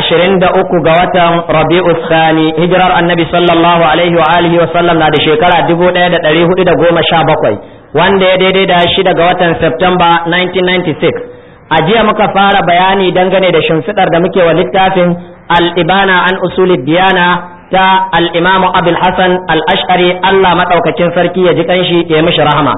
ashirin da uku ga watan rabi'u sani hijirar annabi sallallahu alaihi wa alihi wa sallam na da shekara dubu ɗaya da ɗari hudu da goma sha bakwai wanda ya daidai da shida ga watan september 1996 a jiya muka fara bayani dangane da shimfiɗar da muke wa littafin al-ibana an Usuli diyana ta al'imamu abul hassan al'ashari Allah maɗaukacin sarki ya ji kanshi ya mishi rahama.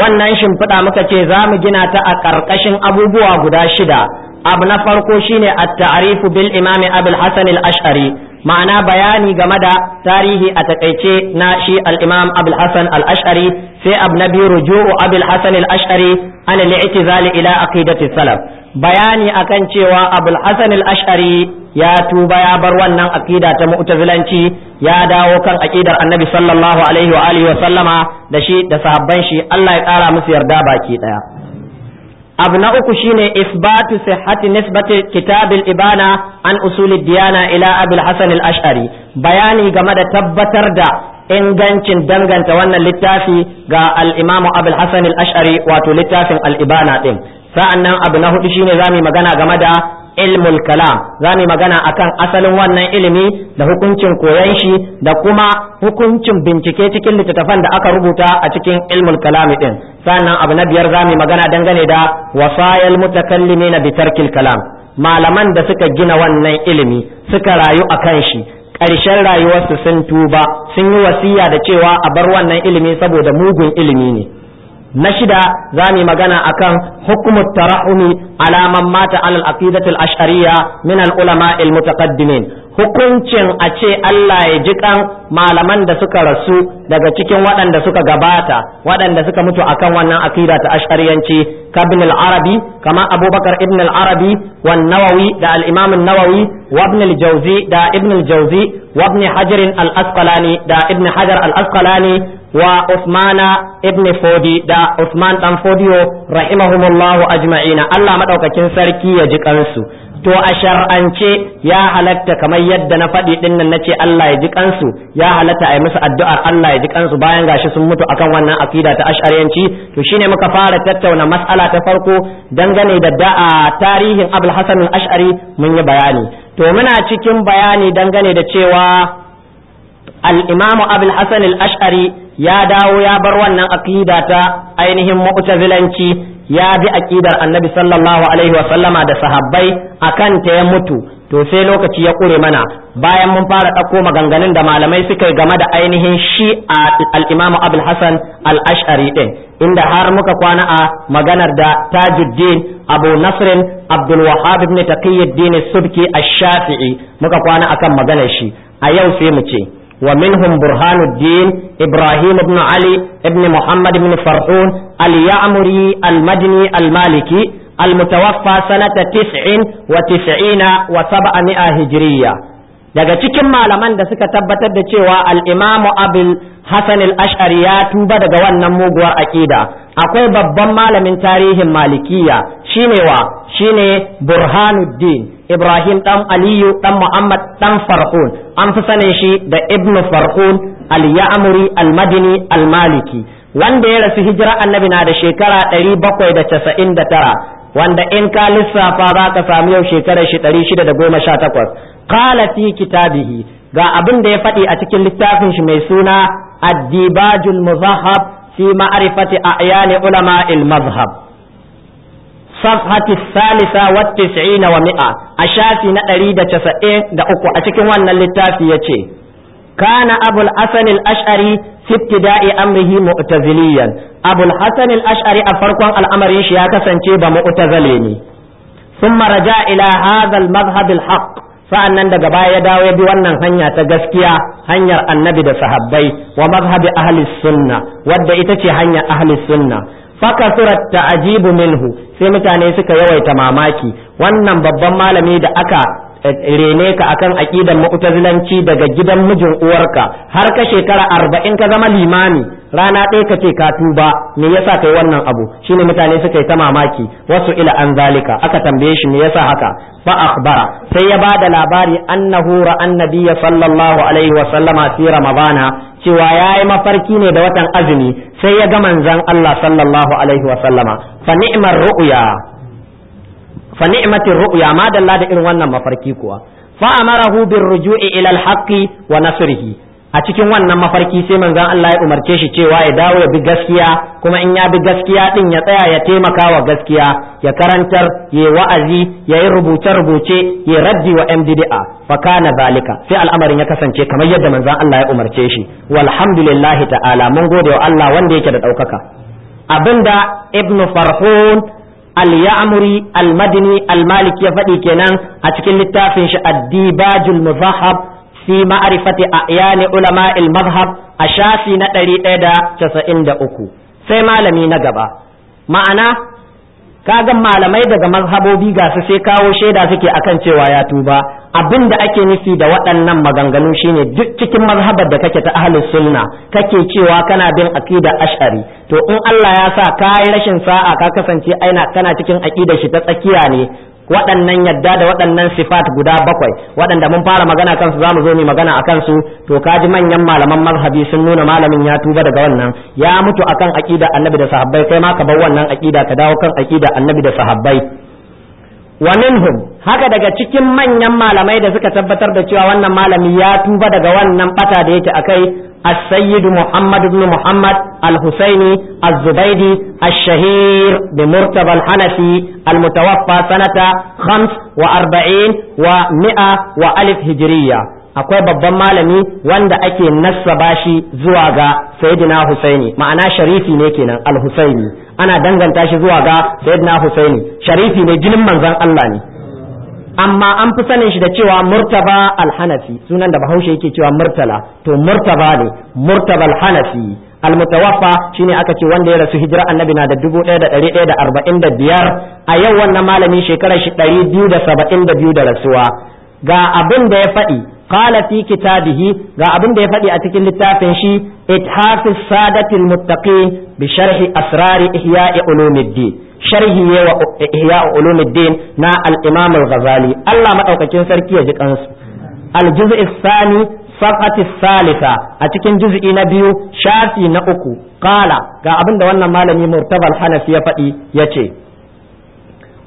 wannan shimfiɗa muka ce za mu gina ta a ƙarƙashin abubuwa guda shida abu na farko shine at-ta'rifu bil imami abul hasan al-ash'ari ma'ana bayani game da tarihi a takaice na shi al-imam abul hasan al-ash'ari sai abu na biyu ruju'u abul hasan al-ash'ari an al ila aqidati salaf bayani akan cewa abul hasan al-ash'ari ya tuba ya bar wannan aqida ta mu'tazilanci ya dawo kan aqidar annabi sallallahu alaihi wa alihi wa sallama da shi da sahabban shi Allah ya kara musu yarda baki daya abu na uku shine isbatu sihhati nisbati kitabil ibana an usuli diyana ila abul hasan al ash'ari bayani game da tabbatar da ingancin danganta wannan littafi ga al imamu abul hasan al ash'ari wato littafin al ibana din sa'annan abu na hudu shine zamu magana game da ilmul kalam za mu magana akan asalin wannan ilimi da hukuncin koyon shi da kuma hukuncin bincike cikin littattafan da aka rubuta a cikin ilmul kalami din sannan abu na biyar za mu magana dangane da wasayil mutakallimina na tarkil kalam malaman da suka gina wannan ilimi suka rayu akan shi ƙarshen rayuwarsu sun tuba sun yi wasiya da cewa a bar wannan ilimi saboda mugun ilimi ne na shida za mu magana akan hukumu tarahumi alaman mata alal aqidatul ash'ariya min al ulama al mutaqaddimin hukuncin a ce Allah ya ji kan malaman da suka rasu daga cikin waɗanda suka gabata waɗanda suka mutu akan wannan aqida ta ash'ariyanci ka ibn al arabi kama abubakar ibn al arabi wa nawawi da al imam an nawawi wa ibn al jawzi da ibn al jawzi wa ibn hajar al asqalani da ibn hajar al asqalani wa Usmana ibn Fodi da Usman dan Fodiyo rahimahumullahu ajma'ina Allah madaukakin sarki ya ji kansu to a shar'ance ya halatta kamar yadda na faɗi ɗin nan nace Allah ya ji kansu ya halatta a yi musu addu'ar Allah ya ji kansu bayan gashi sun mutu akan wannan akida ta ash'ariyanci to shine muka fara tattauna mas'ala ta farko dangane da da'a tarihin Abul Hasan al-Ash'ari mun yi bayani to muna cikin bayani dangane da cewa al-imamu abul al-ash'ari ya dawo ya bar wannan aqida ta ainihin mu'tazilanci ya bi aqidar annabi sallallahu alaihi wa sallama da sahabbai akan ta ya mutu to sai lokaci ya kure mana bayan mun fara ɗauko maganganun da malamai suka yi game da ainihin shi a Al'imamu abul hasan al-ash'ari ɗin, inda har muka kwana a maganar da tajuddin abu Nasirin abdul wahab ibn taqiyuddin subki ash-shafi'i muka kwana akan maganar shi a yau sai mu ce ومنهم برهان الدين إبراهيم بن علي بن محمد بن فرعون اليعمري المدني المالكي المتوفى سنة تسع وتسعين وسبعمائة هجرية daga cikin malaman da suka tabbatar da cewa al'imamu abul hasan al'ashari ya tuba daga wannan muguwar aƙida akwai babban malamin tarihin malikiya shine wa shine burhanuddin ibrahim dan aliyu dan muhammad dan farhun an fi sanin shi da Ibnu farhun al-ya'muri al-madini al-maliki wanda ya rasu hijira annabi na da shekara 799 wanda in ka lissafa za ka samu yau shekarar shi 618 qala fi kitabihi ga abin da ya faɗi a cikin littafin shi mai suna ad-dibajul muzahhab fi ma'rifati a'yan ulama al-mazhab safhati salisa wa tis'ina wa mi'a a shafi na ɗari da casa'in da uku a cikin wannan littafi ya ce kana abul hasan ashari fi ibtida'i amrihi mu'taziliyan abul ashari a farkon al'amarin shi ya kasance ba mu'tazile ne thumma raja ila hadha al-madhhab al-haqq sa'an nan daga baya ya dawo ya bi wannan hanya ta gaskiya hanyar annabi da sahabbai wa mazhabi ahli sunna wadda ita ce hanyar ahli sunna fakasurat ta'jibu minhu sai mutane suka yawaita mamaki wannan babban malami da aka eh, rene ka akan aqidan mu'tazilanci daga gidan mijin uwarka har ka shekara arba'in ka zama limami rana ɗaya ka ce ka tuba me yasa kai wannan abu shine mutane suka yi ta mamaki wasu ila an zalika aka tambaye shi me yasa haka fa akhbara sai ya bada labari annahu ra annabiyya sallallahu alaihi wa sallama fi ramadana cewa ya yi mafarki ne da watan azumi sai ya ga manzan Allah sallallahu alaihi wa sallama fa ni'mar ru'ya fa ni'matir ru'ya ma dalla da irin wannan mafarki kuwa fa amarahu bir ruju'i ila al-haqqi wa nasrihi a cikin wannan mafarki sai manzon Allah ya umarce shi cewa ya dawo ya bi gaskiya kuma in ya bi gaskiya din ya tsaya ya taimaka wa gaskiya ya karantar ya wa'azi ya yi rubuce rubuce ya raddi wa yan bid'a fa kana zalika sai al'amarin ya kasance kamar yadda manzon Allah ya umarce shi walhamdulillahi ta'ala mun gode wa Allah wanda yake da daukaka abinda ibnu farhun al-ya'muri al-madini al-maliki ya faɗi kenan a cikin littafin shi ad-dibajul muzahab fi a a'yani ulama al a shafi na ɗari ɗaya da da casa'in uku, sai malami na gaba ma'ana ka ga malamai daga mazhabobi ga su sai kawo shaida suke akan cewa ya tuba abin da ake nufi da waɗannan maganganu shine duk cikin mazhabar da kake ta ahlus sunna kake cewa kana bin aqida ash'ari to in Allah ya sa ka rashin sa'a ka kasance aina kana cikin aqidar shi ta tsakiya ne waɗannan yadda da waɗannan sifat guda bakwai waɗanda mun fara magana kansu za mu zo mu magana a kansu to ka ji manyan malaman mazhabi sun nuna malamin ya tuba daga wannan ya mutu akan aƙida annabi da sahabbai kai ma ka bar wannan aqida ka dawo kan aqida annabi da sahabbai wa minhum haka daga cikin manyan malamai da suka tabbatar da cewa wannan malami ya tuba daga wannan bata da yake akai السيد محمد بن محمد الحسيني الزبيدي الشهير بمرتبى الحنفي المتوفى سنة خمس وأربعين ومئة وألف هجرية akwai babban malami wanda ake nassaba shi zuwa ga sayyidina Husaini ma'ana sharifi ne kenan al-Husaini ana danganta shi zuwa ga sayyidina Husaini sharifi ne jinin manzon Allah ne amma an fi sanin shi da cewa murtaba al sunan da bahaushe yake cewa murtala to murtaba ne murtaba alhanafi almutawaffa shine aka ce wanda ya rasu hijira annabi na da da da arba'in biyar a yau wannan malami shekarar shi da da saba'in biyu da rasuwa ga abin da ya faɗi qala fi kitabihi ga abin da ya faɗi a cikin littafin shi ithafis sadatil muttaqin bi sharhi asrari ihya'i ulumuddin sharhi ne wa na al-imam al-ghazali Allah madaukakin sarki ya ji kansu al-juz'i thani safhati a cikin juz'i na biyu shafi na uku qala ga abin da wannan malami murtaba al-hanafi ya faɗi yace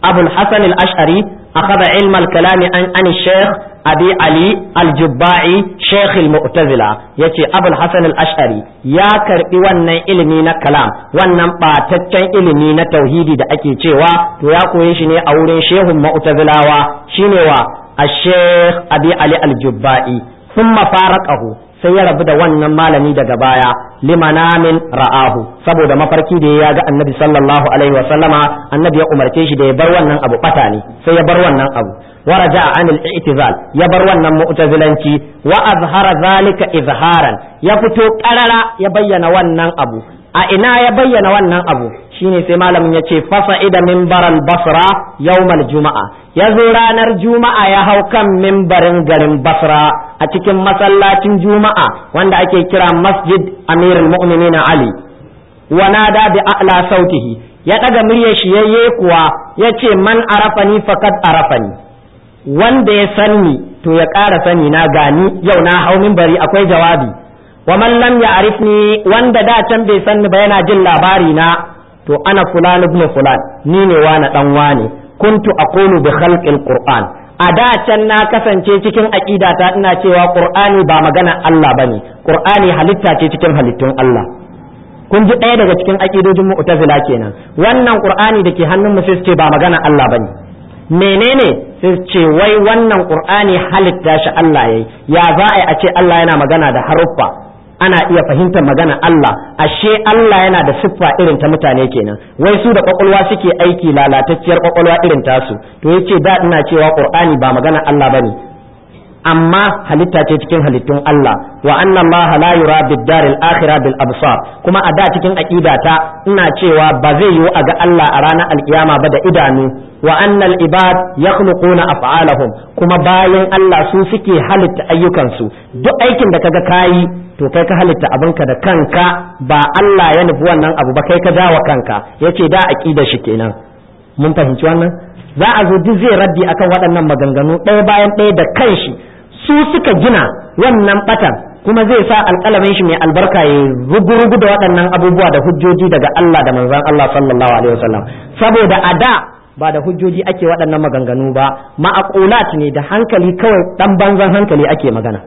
abul hasan al-ash'ari akhadha ilma al-kalami an an shaykh abi ali al-jubba'i sheikh al-mu'tazila yace abul al-ash'ari ya karɓi wannan ilimi na kalam wannan ɓataccen ilimi na tauhidi da ake cewa to ya koyi shi ne a wurin shehun mu'tazilawa shine wa al-sheikh abi ali al-jubba'i thumma faraqahu sai ya rabu da wannan malami daga baya limanamin ra'ahu saboda mafarki da ya ga annabi sallallahu alaihi wasallama annabi ya umarce shi da ya bar wannan abu bata ne sai ya bar wannan abu waraja a anil i'tizal ya bar wannan mu'tazilanci wa azhara zalika izharan ya fito karara ya bayyana wannan abu a ina ya bayyana wannan abu shine sai malamin ya ce fasa ida mimbaran basra yawmal juma'a ya zo ranar juma'a ya hau kan mimbarin garin basra a cikin masallacin juma'a wanda ake kira masjid mu'mini na ali wa nada bi a'la sautihi ya ɗaga muryar shi yayye kuwa ya ce man arafani fakat arafani wanda ya sanni to ya ƙara sani na gani yau na hau mimbari akwai jawabi wa man lam ya arifni wanda da can bai sanni ba yana jin labari na to ana fulan ibn fulan ni ne wani dan wani kuntu aqulu bi khalqil qur'an a da can na kasance cikin ta ina cewa qur'ani ba magana Allah bane qur'ani halitta ce cikin halittun Allah kun ji ɗaya daga cikin aƙidojin mu'tazila kenan wannan qur'ani da ke hannun mu sai ce ba magana Allah bane menene sai ce wai wannan qur'ani halitta shi Allah yayi ya za a ce Allah yana magana da haruffa ana iya fahimtar magana Allah ashe Allah yana da siffa irin ta mutane kenan wai su da kwakwalwa suke aiki lalatacciyar kwakwalwa irin tasu to yace da ina cewa qur'ani ba magana Allah bane amma halitta ce cikin halittun Allah wa anna Allah la yura bid-dar al-akhirah bil absar kuma a da cikin aqidata ina cewa ba zai yiwu a ga Allah a ranar alkiyama ba da idanu wa anna al-ibad yakhluquna af'alahum kuma bayan Allah su suke halitta ayyukansu duk aikin da kaga kayi to kai ka halitta abinka da kanka ba Allah ya nufi wannan abu ba kai ka dawa kanka yace da aqida shi kenan mun fahimci wannan za a zo duk zai raddi akan waɗannan maganganu ɗaya bayan ɗaya da kanshi su suka gina wannan batan kuma zai sa alƙalamin shi mai albarka ya rugu-rugu da waɗannan abubuwa da hujjoji daga Allah da manzan Allah sallallahu alaihi wasallam saboda a da ba da hujjoji ake waɗannan maganganu ba ma'aƙulat ne da hankali kawai ɗan banzan hankali ake magana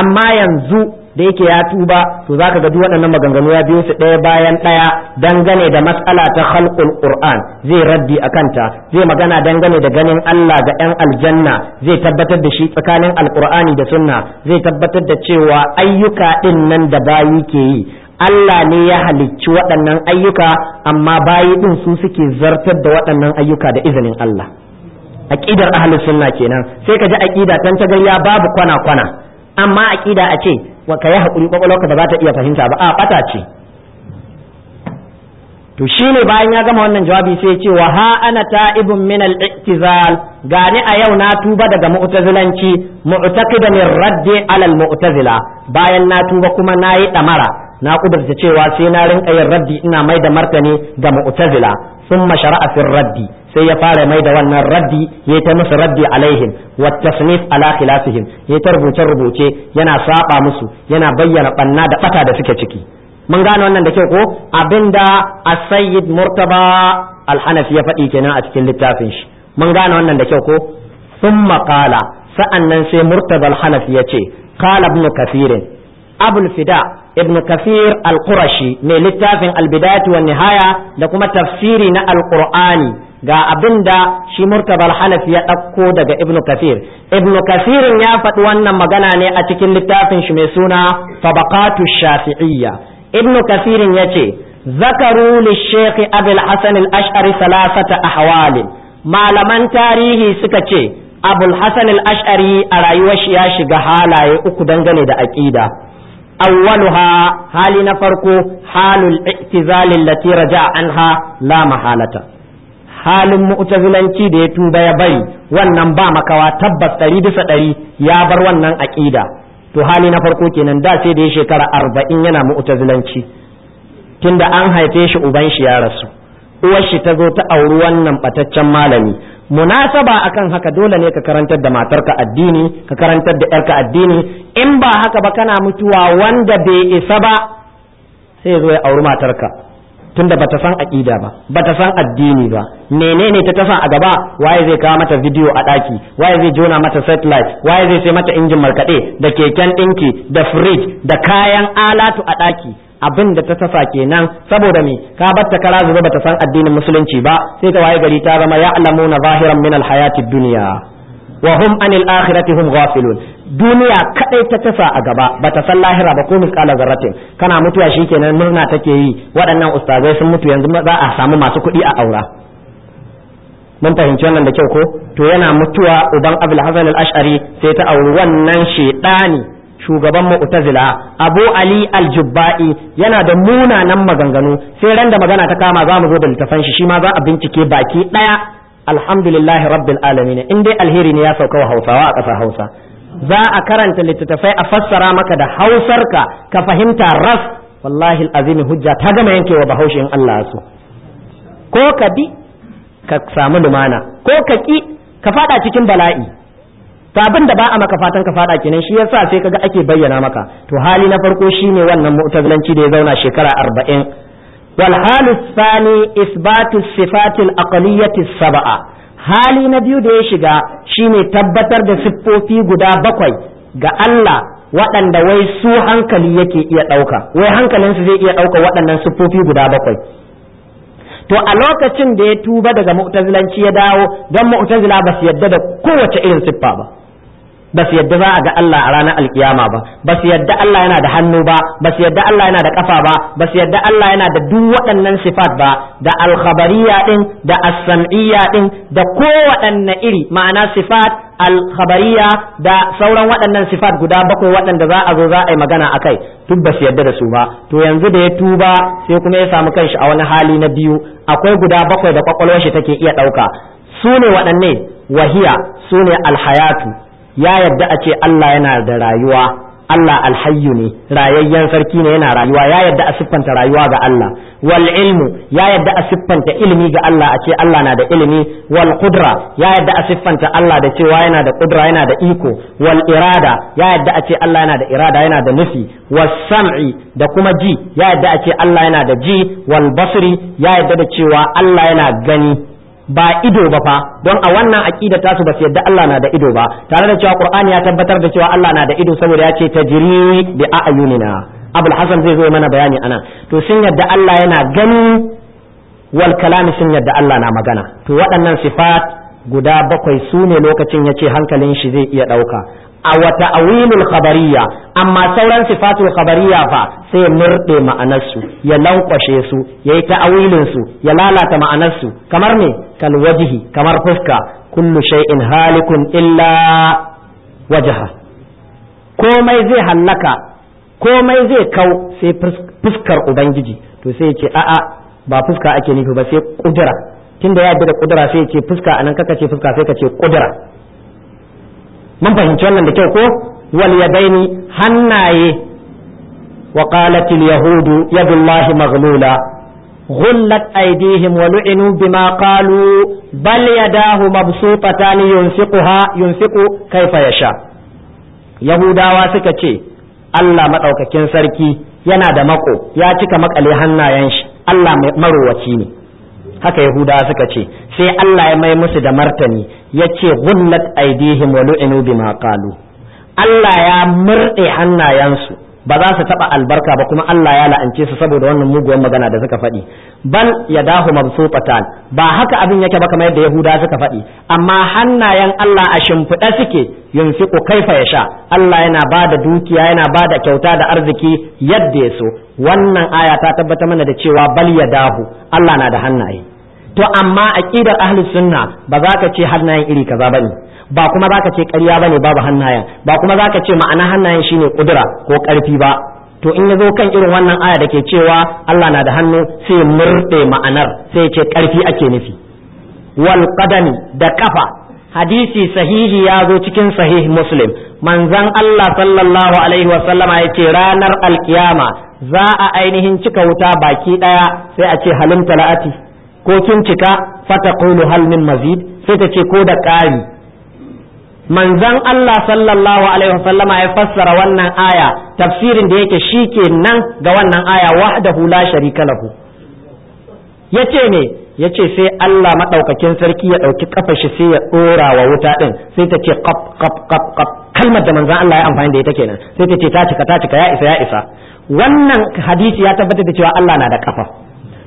amma yanzu da yake ya tuba to zaka ga duk waɗannan maganganu ya biyo su ɗaya bayan ɗaya dangane da matsala ta khalqul qur'an zai raddi akanta zai magana dangane da ganin Allah ga ɗan aljanna zai tabbatar da shi tsakanin alqur'ani da sunna zai tabbatar da cewa ayyuka ɗin nan da bayi ke yi Allah ne ya halicci waɗannan ayyuka amma bayi din su suke zartar da waɗannan ayyuka da izinin Allah aqidar ahlus sunna kenan sai ka ji aqida tan ta gayya babu kwana kwana amma aqida a ce wa yi hakuri kwakwalwarka ba za ta iya fahimta ba a ɓata ce to ne bayan ya gama wannan jawabi sai ce wa ha ana ta'ibun min al iktizal gani a yau na tuba daga mu'tazilanci mu'taqidan ar-radd ala al-mu'tazila bayan na tuba kuma nayi damara na kudurta cewa sai na rinka yin raddi ina mai da martani ga mu'tazila sun mashara'a fil raddi sai ya fara mai da wannan raddi ya ta musu raddi alaihim wa tasnif ala khilafihim ya ta rubuce rubuce yana saba musu yana bayyana banna da bata da suke ciki mun gane wannan da kyau ko abinda as-sayyid murtaba al-hanafi ya faɗi kenan a cikin littafin shi mun gane wannan da kyau ko thumma qala sa'annan sai murtaba al-hanafi ya ce qala ibn kathirin abul fida ibn kafir al-qurashi mai littafin albidayatu wa nihaya da kuma tafsiri na Al-Qur'ani ga abinda shi murtabal hanafi ya ɗauko daga ibn kafir ibn kafirin ya faɗi wannan magana ne a cikin littafin shi mai suna FaBakatu shafi'iyya ibn kafirin ya ce zakaru li sheikh abul hasan al-ash'ari salasata ahwalin malaman tarihi suka ce abul hasan al-ash'ari a rayuwar shi ya shiga halaye uku dangane da aqida awwaluha hali na farko halul i'tizal allati a anha la mahalata halin zilanci da ya tuba ya bari wannan ba makawa tabbas ɗari bisa ɗari ya bar wannan aƙida to hali na farko kenan da sai da ya shekara arba'in yana mu'tazilanci tunda an haife shi uban shi ya rasu uwar shi ta zo ta auri wannan bataccen malami munasaba akan haka dole ne ka karantar da matarka addini ka karantar da yarka addini in ba haka ba kana mutuwa wanda bai isa ba sai zo ya auri matarka tunda bata san aqida ba bata san addini ba menene ta tafa a gaba waye zai kawo mata video a daki waye zai jona mata satellite waye zai sai mata injin markade da keken dinki da fridge da kayan alatu a daki abin da ta tasa kenan saboda me ka batta kara zuba ta san addinin musulunci ba sai ta waye gari ta zama ya'lamuna zahiran min alhayati dunya wa hum anil akhirati hum ghafilun duniya kadai ta tasa a gaba bata san lahira ba ko misqala zarratin kana mutuwa shikenan murna take yi waɗannan ustazai sun mutu yanzu za a samu masu kuɗi a aura mun fahimci wannan da kyau ko to yana mutuwa uban abul hasan al-ash'ari sai ta auri wannan shedani shugaban mu'tazila abu ali al yana da munanan maganganu sai ran da magana ta kama za mu zo da littafan shi shi ma za a bincike baki daya alhamdulillahi rabbil alamin in dai alheri ne ya sauka wa hausawa a ƙasar hausa za a karanta littattafai a fassara maka da hausarka ka fahimta ras wallahi alazim hujja ta gama yankewa bahaushe in Allah so ko ka bi ka samu lumana ko ka ki ka fada cikin bala'i to abin da ba a maka fatan ka fada kenan shi yasa sai kaga ake bayyana maka to hali na farko shine wannan mu'tazilanci da ya zauna shekara arba'in wal halu thani isbatu sifatil aqliyati sab'a hali na biyu da ya shiga shine tabbatar da siffofi guda bakwai ga Allah waɗanda wai su hankali yake iya ɗauka wai hankalinsu zai iya ɗauka waɗannan siffofi guda bakwai to a lokacin da ya tuba daga mu'tazilanci ya dawo don mu'tazila ba su yadda da kowace irin siffa ba ba su yadda za a ga Allah a ranar alkiyama ba ba su yadda Allah yana da hannu ba ba su yadda Allah yana da kafa ba ba su yadda Allah yana da duk waɗannan sifat ba da alkhabariya din da as-sam'iyya din da kowaɗanne iri ma'ana sifat alkhabariya da sauran waɗannan sifat guda bakwai waɗanda za a zo za a yi magana akai duk ba su yadda da su ba to yanzu da ya tuba sai kuma ya samu kanshi a wani hali na biyu akwai guda bakwai da kwakwalwar shi take iya ɗauka su ne waɗanne wahiya su ne alhayatu ya yarda a ce Allah yana da rayuwa Allah alhayyu ne rayayyen sarki ne yana rayuwa ya yarda a siffanta rayuwa ga Allah wal ilmu ya yadda a siffanta ilimi ga Allah a ce Allah na da ilimi wal qudra ya yadda a siffanta Allah da cewa yana da qudra yana da iko wal irada ya yadda a ce Allah yana da irada yana da nufi was sam'i da kuma ji ya yadda a ce Allah yana da ji wal basri ya yadda da cewa Allah yana gani ba ido ba fa don a wannan aqida ta su ba su yadda Allah na da ido ba tare da cewa Qur'ani ya tabbatar da cewa Allah na da ido saboda ya ce tajri bi a'yunina Abul Hasan zai zo mana bayani ana to sun yadda Allah yana gani wal kalam sun yadda Allah na magana to waɗannan sifat guda bakwai su ne lokacin ya ce hankalin shi zai iya ɗauka a wata awilul khabariya amma sauran sifatul khabariya fa sai murde ma'anarsu ya lankwashe su ya yi ta'awilin su ya lalata ma'anarsu kamar ne kal wajihi kamar fuska kullu shay'in halikun illa wajaha komai zai hallaka komai zai kau sai fuskar ubangiji to sai ce a'a ba fuska ake nufi ba sai kudura tunda ya bi da kudura sai ce fuska anan kaka ce fuska sai kace ce kudura mun fahimci wannan da kyau ko wal yadaini hannaye wa qalat al yahudu yadullahi maghlula aydihim wa lu'inu bima qalu bal yadahu kayfa yasha yahudawa suka ce Allah maɗaukakin sarki yana da mako ya cika makale hannayen shi Allah mai marowaci ne haka yahudawa suka ce sai Allah ya mai musu da martani yace gullat aidihim wa lu'inu bima qalu Allah ya murde hannayensu ba za su taba albarka ba kuma Allah ya la'ance su saboda wannan muguwar magana da suka faɗi bal ya dahu mabsutatan ba haka abin yake ba kamar yadda yahuda suka faɗi amma hannayen Allah a shimfiɗa suke yunfiqu kaifa ya sha. Allah yana bada dukiya yana bada kyauta da arziki yadda ya so wannan aya ta tabbata mana da cewa bal ya dahu. Allah na da hannaye to amma aqidar ahlus sunna ba za ka ce hannayen iri kaza bane ba kuma za ka ce ƙarya bane babu hannayen ba kuma za ka ce ma'ana hannayen shine kudura ko ƙarfi ba to in ya zo kan irin wannan aya da ke cewa Allah na da hannu sai murɗe ma'anar sai ce ƙarfi ake nufi wal qadami da kafa hadisi sahihi ya zo cikin sahih muslim manzan Allah sallallahu alaihi wasallama ya ranar alkiyama za a ainihin cika wuta baki ɗaya sai a ce halim tala'ati ko kin cika fata qulu hal min mazid sai ta ce ko da ƙari Manzan Allah sallallahu alaihi wasallama ya fassara wannan aya tafsirin da yake shike nan ga wannan aya wahdahu la sharika lahu yace ne yace sai Allah madaukakin sarki ya dauki kafar shi sai ya dora wa wuta din sai ta ce qab qab qab qab kalmar da manzan Allah ya amfani da ita kenan sai ta ce ta cika ta cika ya isa ya isa wannan hadisi ya tabbatar da cewa Allah na da kafa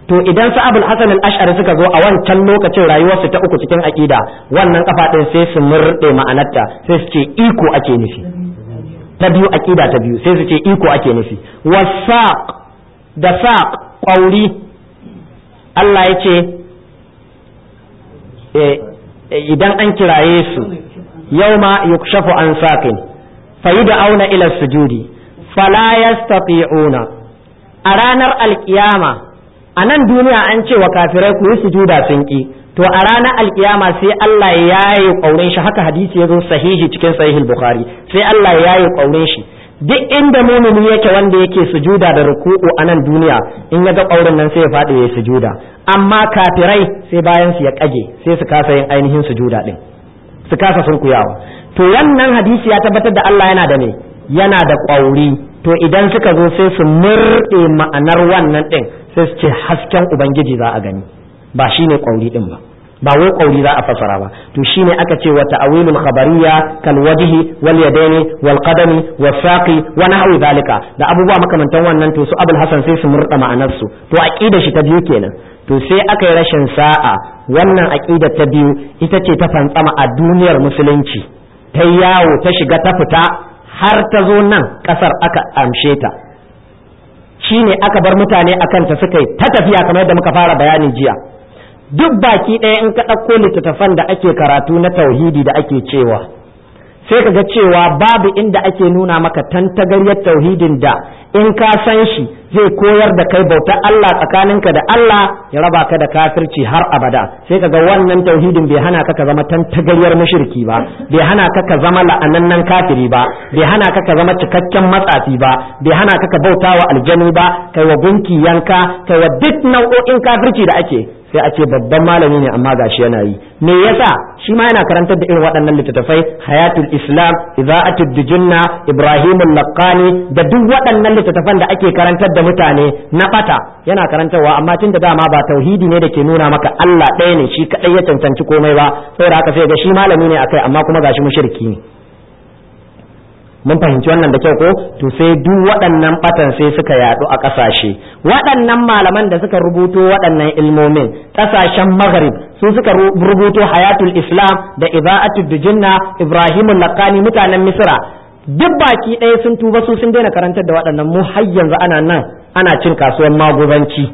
to idan su abul hasan al-ash'ari suka zo a wancan lokacin rayuwarsu ta uku cikin aqida wannan kafa din sai su murde ma'anarta sai su ce iko ake nufi ta biyu aqida ta biyu sai su ce iko ake nufi wasaq da saq qauri Allah ya ce eh, eh, idan an kiraye su yauma yukshafu an saqin fayida auna ila sujudi fala yastati'una a ranar alkiyama a nan duniya an ce wa kafirai ku yi sujuda sun ki to a ranar alkiyama sai Allah ya yaye ƙaurin shi haka hadisi ya zo sahihi cikin sahihin bukhari sai Allah ya yaye ƙaurin shi duk inda mumini yake wanda yake sujuda da ruku'u a nan duniya in ya ga ƙaurin nan sai ya faɗi ya sujuda amma kafirai sai bayan su ya ƙage sai su kasa yin ainihin sujuda din su kasa sunkuyawa to wannan hadisi ya tabbatar da Allah yana da ne yana da ƙwauri to idan suka zo sai su murɗe ma'anar wannan ɗin sai su ce hasken ubangiji za a gani ba shine ƙauri din ba ba wai kauri za a fasara ba to shi ne aka ce wa ta'awilul khabariya kal wajhi wal yadaini wal qadami was saqi wa nahwi zalika da abubuwa makamantan wannan to su abul hasan sai su murda ma'anar su to aqida shi ta biyu kenan to sai aka yi rashin sa'a wannan aqida ta biyu ita ce ta fantsama a duniyar musulunci ta yawo ta shiga ta fita har ta zo nan kasar aka amshe ta Shi ne aka bar mutane a kanta suka yi ta tafiya kamar yadda muka fara bayani jiya duk baki ɗaya in ka ɗauko littattafan da ake karatu na tauhidi da ake cewa sai ka ga cewa babu inda ake nuna maka tantagaryar tauhidin da in ka san shi zai koyar da kai bautar Allah tsakaninka da Allah ya raba ka da kafirci har abada sai ka ga wannan tauhidin bai hana ka ka zama tantagaryar mushriki ba bai hana ka ka zama la'anannan kafiri ba bai hana ka ka zama cikakken matsafi ba bai hana ka ka bautawa aljanu ba kai wa gunki yanka kai wa duk nau'o'in kafirci da ake sai a ce babban malami ne amma gashi yana yi me yasa shi ma yana karantar da irin waɗannan littattafai hayatul islam iza'atul dijinna ibrahimul laqani da duk waɗannan littattafan da ake karantar da mutane na bata yana karantarwa amma tun da dama ba tauhidi ne da ke nuna maka Allah ɗaya ne shi kaɗai ya cancanci komai ba saboda haka sai ga shi malami ne akai amma kuma gashi mushriki ne mun fahimci wannan da kyau ko to sai duk waɗannan batan sai suka yaɗu a ƙasashe waɗannan malaman da suka rubuto waɗannan ilmomin ƙasashen maghrib su suka rubuto hayatul islam da ibaatul dujinna ibrahim laqani mutanen misra duk baki ɗaya sun tuba su sun daina karantar da waɗannan mu har yanzu ana nan ana cin kasuwar magubanci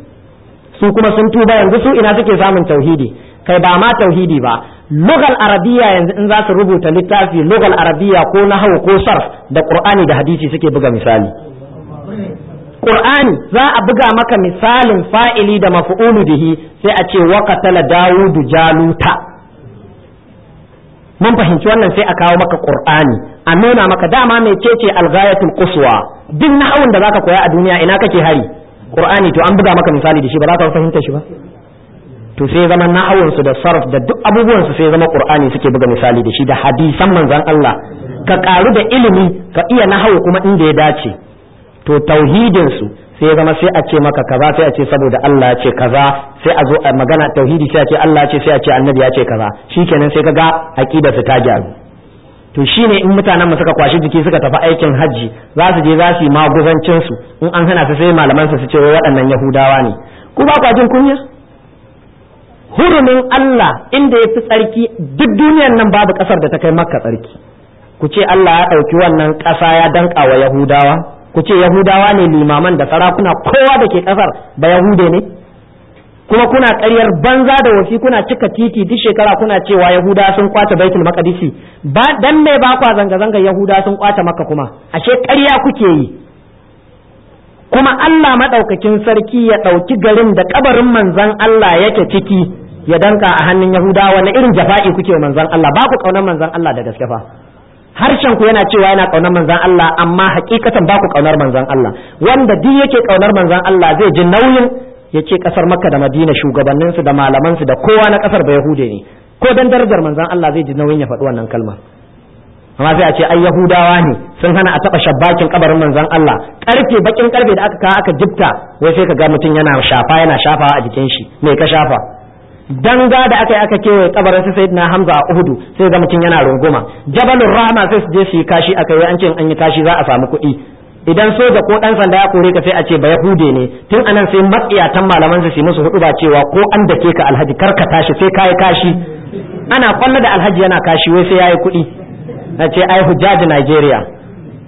su kuma sun tuba yanzu su ina suke samun tauhidi kai ba ma tauhidi ba lugal arabiya yanzu in za su rubuta littafi lugal arabiya ko na nahawu ko sarf da qur'ani da hadisi suke buga misali qur'ani za a buga maka misalin fa'ili da maf'ulu bihi sai a ce waqatala dawudu jaluta mun fahimci wannan sai a kawo maka qur'ani a nuna maka dama mai cece alghayatul quswa duk nahawun da zaka koya a duniya ina kake hari qur'ani to an buga maka misali da shi ba za ka fahimta shi ba to sai zama na'awun su da sarf da duk abubuwan su sai zama qur'ani suke buga misali da shi da hadisan manzon Allah ka karu da ilimi ka iya nahawu kuma inda ya dace to tauhidin su sai zama sai a ce maka kaza sai a ce saboda Allah ya ce kaza sai a zo a magana tauhidi sai a ce Allah ya ce sai a ce annabi ya ce kaza shikenan sai kaga aqida su ta gyaru to shine in mutanen mu suka kwashi jiki suka tafi aikin hajji za su je za su yi maguzancin su in an hana su sai malaman su su ce waɗannan yahudawa ne ku ba kwa kunya hurumin Allah inda ya fi tsarki duk duniyan nan babu ƙasar da ta kai maka tsarki ku ce Allah ya ɗauki wannan ƙasa ya danka wa Yahudawa ku ce Yahudawa ne limaman da sarakuna kowa da ke ƙasar ba Yahude ne kuma kuna ƙaryar banza da wafi kuna cika titi duk shekara kuna cewa Yahuda sun kwace Baitul Maqdisi ba dan me ba kwa zanga zanga Yahuda sun kwace Makka kuma ashe ƙarya kuke yi kuma Allah maɗaukakin sarki ya ɗauki garin da kabarin manzan Allah yake ciki ya danka a hannun Yahudawa wani irin jafa'i kuke manzan Allah ba ku ƙaunar manzan Allah da gaske fa harshen ku yana cewa yana ƙaunar manzan Allah amma hakikatan ba ku ƙaunar manzan Allah wanda duk yake ƙaunar manzan Allah zai ji nauyin ya ce ƙasar Makka da Madina shugabanninsu da malamansu da kowa na ƙasar ba Yahude ne ko dan darajar manzan Allah zai ji nauyin ya faɗi wannan kalmar amma sai a ce ai yahudawa ne sun hana a taba shabbakin kabarin manzon Allah karfe bakin karfe da aka kawo aka jibta wai sai ka ga mutum yana shafa yana shafawa a jikin shi mai ka shafa danga da aka yi aka kewaye kabarin su sayyidina Hamza a Uhudu sai ga mutum yana runguma jabalur rahma sai su je su yi kashi aka yi an ce an yi kashi za a samu kuɗi idan soja ko dan sanda ya kore ka sai a ce ba yahude ne tun anan sai matsiyatan malaman su su musu hudu ba cewa ko an dake ka alhaji kar ka tashi sai kai kashi ana kwalla da alhaji yana kashi wai sai yayi kuɗi na ce ai hujjaji Najeriya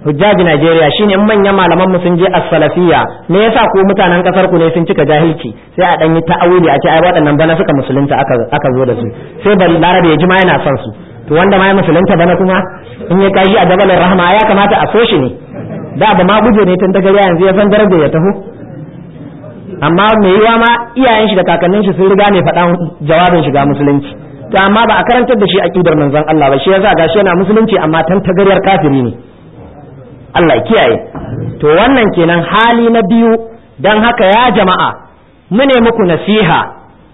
hujjaji Najeriya shine in manyan malaman mu sun je as-salafiyya me yasa ku mutanen kasar ku ne sun cika jahilci sai a dan yi ta'awili a ce ai waɗannan bana suka musulunta aka aka zo da su sai bari larabe ya ji ma yana son su to wanda ma ya musulunta bana kuma in ya kashi a jabalin rahma ya kamata a so shi ne da ba ma guje ne tun daga yanzu ya san darajar ya taho amma mai yiwa ma iyayen shi da kakannin shi sun riga ne faɗan jawabin shiga musulunci to amma ba a karantar da shi aqidar manzon Allah ba shi yasa gashi yana musulunci amma tantagaryar kafiri ne Allah ya kiyaye to wannan kenan hali na biyu dan haka ya jama'a mu ne muku nasiha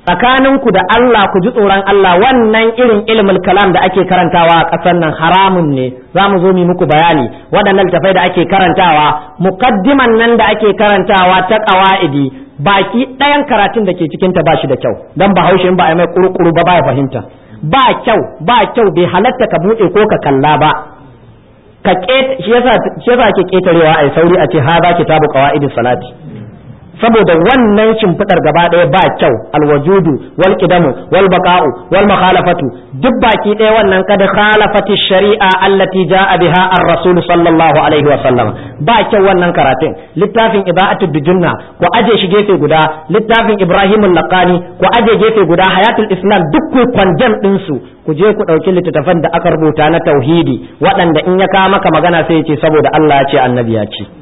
tsakaninku da Allah ku ji tsoron Allah wannan irin ilimin kalam da ake karantawa a ƙasar nan haramun ne za mu zo mu muku bayani waɗannan tafai da ake karantawa muqaddiman nan da ake karantawa ta ƙawa'idi baki ɗayan karatun da ke cikinta ba shi da kyau don ba haushe ba a mai kurkuru ba ya fahimta ba kyau ba kyau bai halatta ka buɗe ko ka kalla ba ka shi yasa ke ƙetarewa a sauri a ce ha za kitabu idin salati saboda wannan shimfiɗar gaba ɗaya ba kyau alwajudu wal qidamu wal baqa'u wal makhalafatu duk baki ɗaya wannan kada khalafati shari'a allati ja'a biha ar-rasul sallallahu alaihi wa sallam ba kyau wannan karatun littafin ibadatu dujunna ko aje shi gefe guda littafin ibrahim al ku ko aje gefe guda hayatul islam duk ku kwanjan din su ku je ku ɗauki littattafan da aka rubuta na tauhidi waɗanda in ya kawo maka magana sai ya ce saboda Allah ya ce annabi ya ce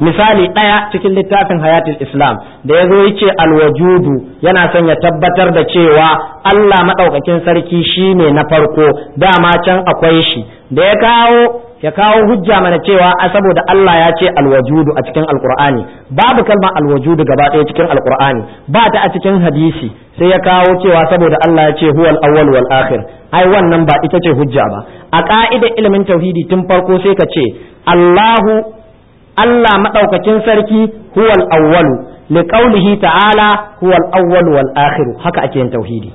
misali ɗaya cikin littafin hayatul islam da ya zo ya alwajudu yana son ya tabbatar da cewa allah maɗaukakin sarki shine na farko dama can akwai shi da ya kawo ya kawo hujja mana cewa a saboda Allah ya ce alwajudu a cikin alkur'ani babu kalma alwajudu gaba ɗaya cikin alkur'ani ba ta a cikin hadisi sai ya kawo cewa saboda Allah ya ce huwal awwal wal akhir ai wannan ba ita ce hujja ba a ka'ida ilimin tauhidi tun farko sai ka ce Allahu Allah madaukakin sarki huwal awwalu kaulihi ta'ala huwal awwalu wal akhir haka ake yin tauhidi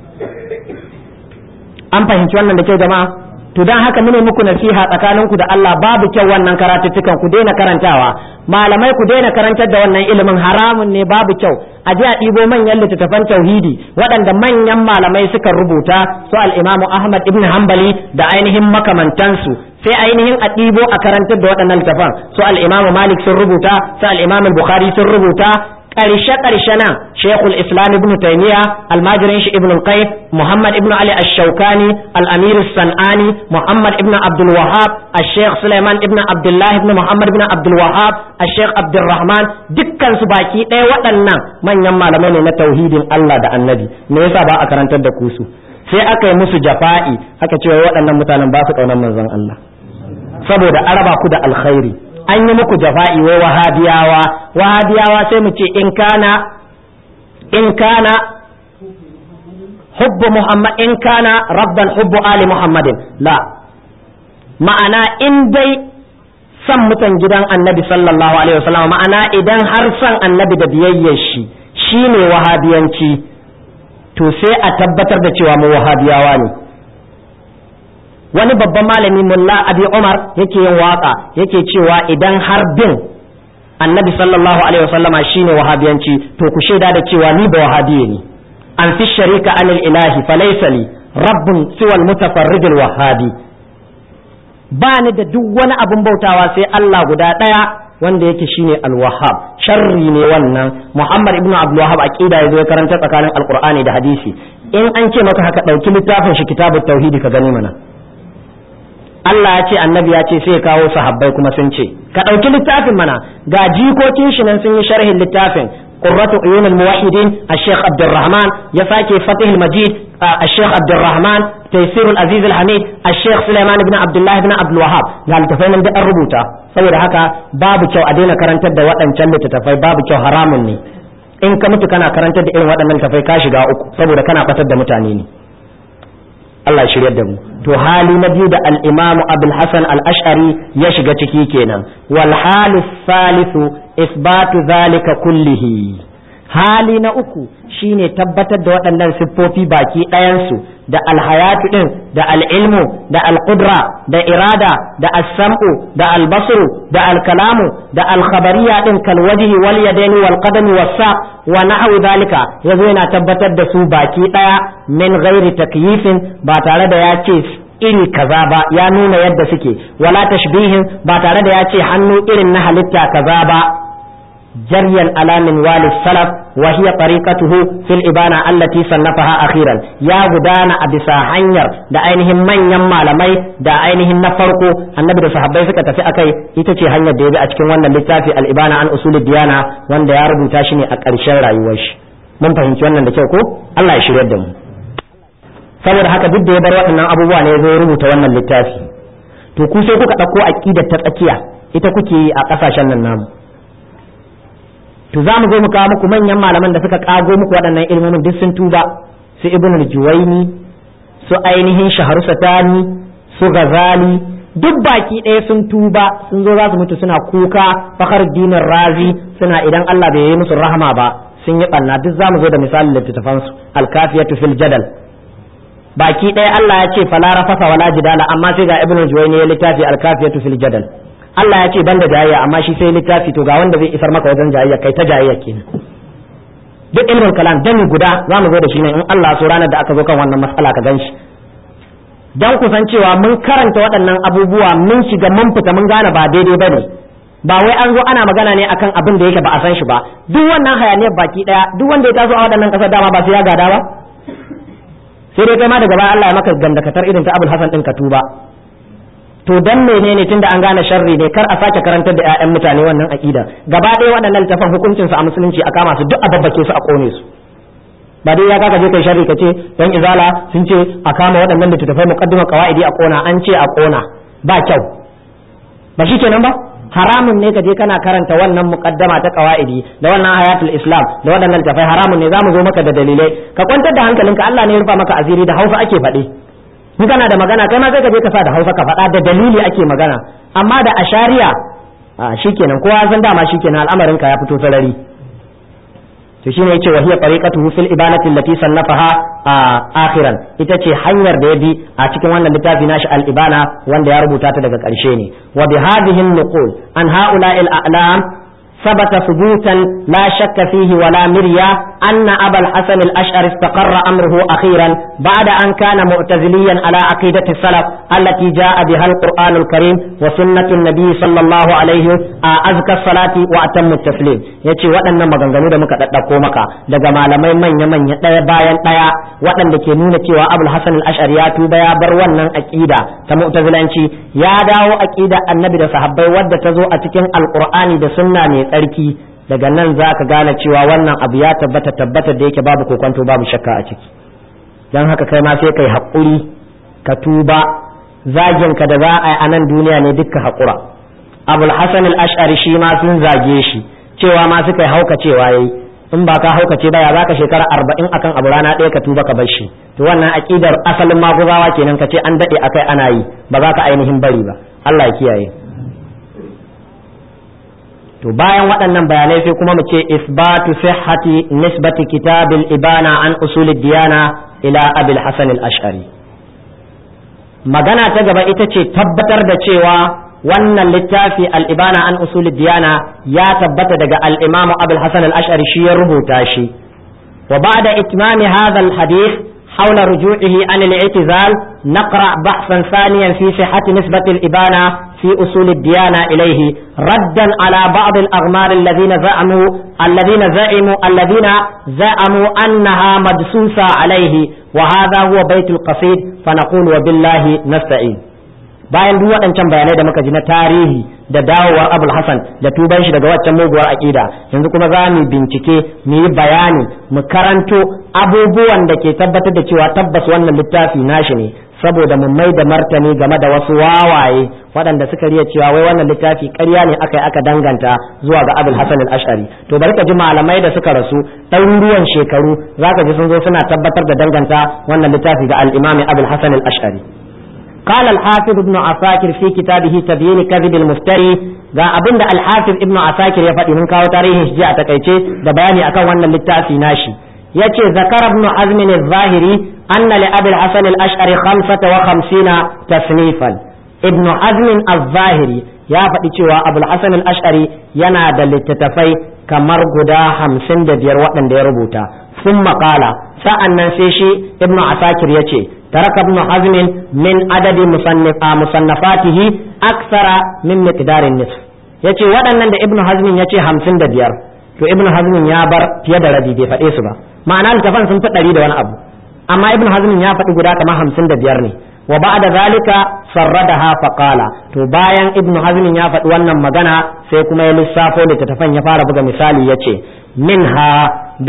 an fahimci wannan da kyau jama'a to dan haka mune muku nasiha tsakaninku da Allah babu kyau wannan karatuttukan ku daina karantawa malamai ku daina karantar da wannan ilimin haramun ne babu kyau a ji a ɗibo manyan littattafan tauhidi waɗanda manyan malamai suka rubuta su al-Imamu Ahmad ibn Hanbali da ainihin makamantansu sai ainihin a ɗibo a karantar da waɗannan littafan su al'imamu malik sun rubuta su al'imamu bukhari sun rubuta ƙarshe ƙarshe nan shekul islam ibn taymiya almajirin shi ibn qayyim muhammad ibn ali ash-shawkani al-amir sanani muhammad ibn abdul wahhab ash sulaiman ibn abdullah ibn muhammad ibn abdul wahhab ash-sheikh abdurrahman dukkan su baki ɗaya waɗannan manyan malamai ne na tauhidin Allah da annabi me yasa ba a karantar da ku su sai aka yi musu jafa'i aka cewa waɗannan mutanen ba su ƙaunar manzon Allah saboda araba ku da alkhairi an yi muku jafa'i wai wahabiyawa wahabiyawa sai mu ce in kana in kana hubbu muhammad in kana rabban hubbu ali muhammadin la ma'ana in dai san mutan gidan annabi sallallahu alaihi wasallam ma'ana idan har san annabi da biyayyar shi shine wahabiyanci to sai a tabbatar da cewa mu wahabiyawa ne wani babban malami mulla abi umar yake yin waka yake cewa idan har bin annabi sallallahu alaihi wasallama shine wahabiyanci to ku shaida da cewa ni ba wahabiye ne an fi sharika anil ilahi falaysa li rabbun siwal mutafarrijil wahabi ba ni da duk wani abun bautawa sai Allah guda daya wanda yake shine al-wahhab sharri ne wannan muhammad ibn abdul wahhab aqida yazo ya karanta tsakanin alqur'ani da hadisi in an ce maka haka dauki littafin shi kitabut tauhidi ka gani mana Allah ya ce annabi ya ce sai ya kawo sahabbai kuma sun ce ka dauki littafin mana ga jikokin shi nan sun yi sharhin littafin قرة عيون الموحدين الشيخ abdurrahman ya sake فتح majid الشيخ عبد abdurrahman taysirul aziz hamid a sheikh Suleiman bin Abdullahi ibn Abdulwahab wahab ga littafai nan an rubuta saboda haka babu kyau a daina karantar da waɗancan littattafai babu kyau haramun ne in ka mutu kana karantar da irin waɗannan littattafai ka shiga uku saboda kana fatar da mutane Allah ya shirya da to hali na biyu da al-imamu al-ash'ari ya shiga ciki kenan wal halu isbatu zalika kullihi hali na uku shine tabbatar da waɗannan siffofi baki ɗayansu da alhayatu din da al'ilmu da alqudra da irada da as da albasru da alkalamu da alkhabariya din kal wajhi wal yadayn wal qadami was saq wa na'u dhalika yazo yana tabbatar da su baki daya min ghairi takyifin ba tare da ya ce iri kaza ba ya nuna yadda suke wala tashbihin ba tare da ya ce hannu irin na halitta kaza ba جريا على من منوال السلف وهي طريقته في الإبانة التي صنفها أخيرا يا غدان أبسا حنير دا أينهم من يمع لمي دا أينهم نفرقو النبي دا صحابي سكا تفي أكي يتشي حنير دي بأتكين وانا لتافي الإبانة عن أصول الديانة وانا يا رب تاشني أكارشان شرع mun من فهمت وانا kyau الله يشير يدهم shirya da mu saboda haka duk da ya bar waɗannan abubuwa ne ya zo rubuta wannan littafi to ku sai kuka ɗauko aƙidar ta tsakiya ita kuke a ƙasashen nan namu to za mu zo mu kawo muku manyan malaman da suka kago muku waɗannan ilmomin duk sun tuba su ibn juwaini su ainihin shaharu su ghazali duk baki ɗaya sun tuba sun zo za su mutu suna kuka fakar dinin razi suna idan Allah bai yi musu rahama ba sun yi ɓanna duk za mu zo da misalin littattafansu alkafiyatu fil jadal baki ɗaya Allah ya ce fala rafasa wala jidala amma sai ga ibn juwaini ya littafi alkafiyatu fil jadal Allah ya ce ban da jayayya amma shi sai littafi to ga wanda zai isar maka wajen jayayya kai ta jayayya kenan duk ilmin kalam dani guda za mu zo da shi ne in Allah so ranar da aka zo kan wannan matsala ka ganshi. dan dan kusan cewa mun karanta waɗannan abubuwa mun shiga mun fita mun gane ba daidai ba ne ba wai an zo ana magana ne akan abin da yake ba a san shi ba duk wannan hayaniyar baki daya duk wanda ya taso a waɗannan ƙasar dama ba sai ya gada ba sai dai kai ma daga baya Allah ya maka gandakatar irin ta Abul Hasan din ka tuba to dan menene tunda an gane sharri ne kar a sake karantar da ƴaƴan mutane wannan aqida gaba ɗaya waɗannan littafan hukuncin su a musulunci a kama su duk a babbake su a kone su ba dai ya ka je kai sharri kace dan izala sun ce a kama waɗannan littattafai muqaddima qawaidi a kona an ce a kona ba kyau ba shikenan ba haramun ne ka je kana karanta wannan muqaddama ta qawaidi da wannan ayatul islam da waɗannan tafai haramun ne zamu zo maka da dalilai ka kwantar da hankalinka Allah ne ya rufa maka aziri da hausa ake faɗi in kana da magana kai ma sai ka je ka sa da Hausa ka faɗa da dalili ake magana amma da ashariya a shikenan kowa san dama shikenan al'amarin ka ya fito sarari to shine yace wa hiya tariqatuhu fil ibanati allati sannafaha akhiran ita ce hanyar da ya bi a cikin wannan littafi nashi al ibana wanda ya rubuta ta daga karshe ne wa bi hadhihi nuqul an haula al a'lam ثبت ثبوتا لا شك فيه ولا مريا أن أبا الحسن الأشعري استقر أمره أخيرا بعد أن كان معتزليا على عقيدة السلف التي جاء بها القرآن الكريم وسنة النبي صلى الله عليه أزكى الصلاة وأتم التسليم yace waɗannan maganganu da muka ɗaɗɗauko maka daga malamai manya-manya ɗaya bayan ɗaya waɗanda ke nuna cewa abul hasan al ya tuba ya bar wannan aƙida ta mu'tazilanci ya dawo aƙida annabi da sahabbai wadda ta zo a cikin alƙur'ani da sunna mai tsarki daga nan za ka gane cewa wannan abu ya tabbata tabbata da yake babu kokonto babu shakka a ciki don haka kai ma sai kai haƙuri ka tuba zaginka da za a yi a nan duniya ne dukka haƙura abul hasan al-ash'ari shi ma sun zage shi cewa ma suka yi haukacewa yayi in ba ka haukace ba ya zaka shekara arba'in akan abu rana ɗaya ka tuba ka bar shi to wannan aƙidar asalin maguzawa kenan ka ce an daɗe akai ana yi ba za ka ainihin bari ba Allah ya kiyaye to bayan waɗannan bayanai sai kuma mu ce isbatu sihhati nisbati kitabil ibana an usul diyana ila abil hasan al ash'ari magana ta gaba ita ce tabbatar da cewa wannan littafi al ibana an usul diyana ya tabbata daga al imamu abul hasan al ash'ari shi ya rubuta shi wa ba'da itmami hadha al hadith حول رجوعه عن naqra نقرأ بحثا fi في صحة نسبة ibana. في أصول الديانة إليه ردا على بعض الأغمار الذين زعموا الذين زعموا الذين زعموا أنها مدسوسة عليه وهذا هو بيت القصيد فنقول وبالله نستعين bayan duk waɗancan bayanai da muka ji na tarihi da dawowar abul hasan da tuban shi daga waccan muguwar aƙida yanzu kuma za mu bincike mu yi bayani mu karanto abubuwan da ke tabbatar da cewa tabbas wannan littafi nashi ne saboda mu mai da martani game da wasu wawaye waɗanda suka riya cewa wai wannan littafi ƙarya ne aka aka danganta zuwa ga abul hasan al-ash'ari to bari ka ji malamai da suka rasu ɗaruruwan shekaru zaka ji sun zo suna tabbatar da danganta wannan littafi ga al-imami abul hasan al-ash'ari قال الحافظ ابن عساكر في كتابه تبيين كذب المفتري ga abin da alhafiz hafiz ibn asakir ya faɗi mun kawo tarihin shi a takaice da bayani akan wannan littafi nashi yace zakar ibn azmin az-zahiri أن لأبي الحسن الأشعري خمسة وخمسين تصنيفا ابن حزم الظاهري يا فتيتوا أبو الحسن الأشعري ينادى للتتفي kamar guda hamsin da biyar waɗanda ya rubuta sun maƙala sa'an nan sai shi ibnu asakir ya ce taraka ibnu hazmin min adadi musannafatihi aksara min miqdarin nisf ya ce waɗannan da ibnu hazmin ya ce hamsin da biyar to ibnu hazmin ya bar fiye da rabi bai faɗe su ba ma'ana littafan sun fi ɗari da wani abu amma ibn hazmin ya faɗi guda kamar hamsin da biyar ne wa da zalika sarradaha faqala to bayan ibn hazmin ya faɗi wannan magana sai kuma ya lissafo littattafan ya fara buga misali ya ce min ha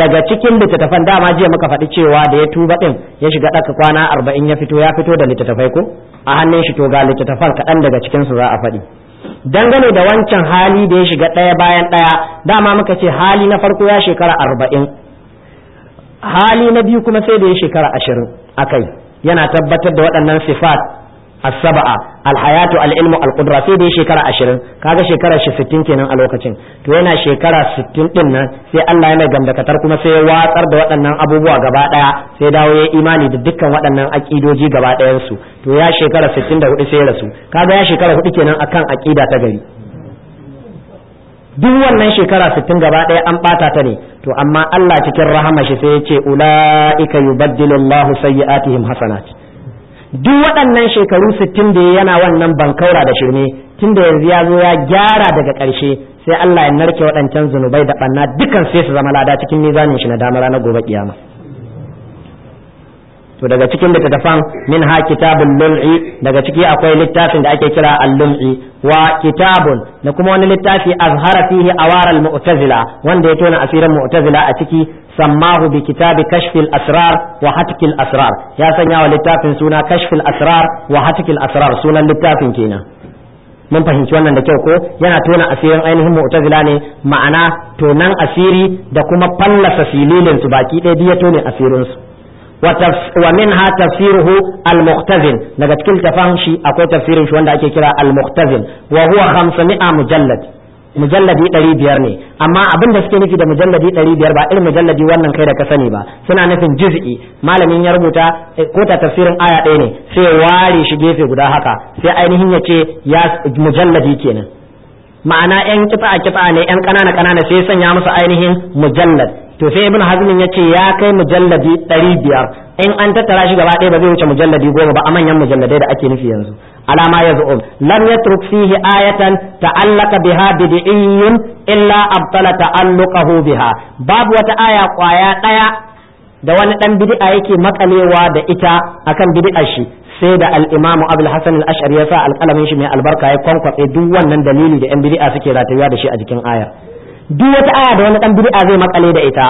daga cikin littattafan dama jiya muka faɗi cewa da ya tuba ɗin ya shiga ɗaka kwana arba'in ya fito ya fito da littattafai ko a hannun shi to ga littattafan kaɗan daga cikinsu za a faɗi dangane da wancan hali da ya shiga ɗaya bayan ɗaya dama muka ce hali na farko ya shekara arba'in hali na biyu kuma sai da ya shekara ashirin a kai yana tabbatar da waɗannan sifat as-saba'a al-hayatu al-ilmu al sai da ya shekara ashirin kaga shekara shi sittin kenan a lokacin to yana shekara sittin din nan sai Allah yana gamdakatar kuma sai ya watsar da waɗannan abubuwa gaba ɗaya sai dawo ya imani da dukkan waɗannan aƙidoji gaba ɗayansu to ya shekara sittin da hudu sai ya rasu kaga ya shekara hudu kenan akan aƙida ta gari duk wannan shekara sittin gaba ɗaya an ɓata ta ne to amma Allah cikin rahama shi sai ya ce ula'ika yubaddilu Allahu sayyi'atihim hasanat duk waɗannan shekaru sittin da yana wannan bankaura da shirme tunda yanzu ya zo ya gyara daga ƙarshe sai Allah ya narke waɗancan zunubai da ɓanna dukan sai su zama lada cikin mizanin shi na damar na gobe kiyama to daga cikin littattafan min ha kitabun lul'i daga ciki akwai littafin da ake kira al-lul'i wa kitabun da kuma wani littafi azhara fihi awar al-mu'tazila wanda ya tona asirin mu'tazila a ciki sammahu bi kitabi kashfil asrar wa hatkil asrar ya sanya wa littafin suna kashfil asrar wa hatkil asrar sunan littafin kenan mun fahimci wannan da kyau ko yana tona asirin ainihin mu'tazila ne ma'ana tonan asiri da kuma fallasa fililin su baki ɗaya ya tone asirin su wa minha tafsiruhu al daga cikin tafan shi akwai tafsirin shi wanda ake kira al-muqtazin wa huwa 500 mujallad mujalladi 500 ne amma abin da suke nufi da mujalladi 500 ba irin mujalladi wannan kai da ka sani ba suna nufin juz'i malamin ya rubuta eh, ko ta tafsirin aya ɗaya ne sai ware shi gefe guda haka sai ainihin ya ce ya mujalladi kenan ma'ana yan kifa kifa ne yan kanana kanana sai sanya musu ainihin mujallad to sai ibn hazmin ya ce ya kai mujalladi ɗari biyar in an tattara shi gaba ɗaya ba zai wuce mujalladi goma ba a manyan mujalladai da ake nufi yanzu alama ya zo. lam yatruk fihi ayatan ta'allaka biha bid'iyyun illa abtala ta'alluqahu biha babu wata aya kwaya ɗaya da wani ɗan bid'a yake makalewa da ita akan bid'ar shi sai da al-imamu abul hasan al-ash'ari ya sa alƙalamin shi mai albarka ya kwankwabe duk wannan dalili da yan bid'a suke ratayuwa da shi a jikin ayar duk wata aya da wani dan bid'a zai makale da ita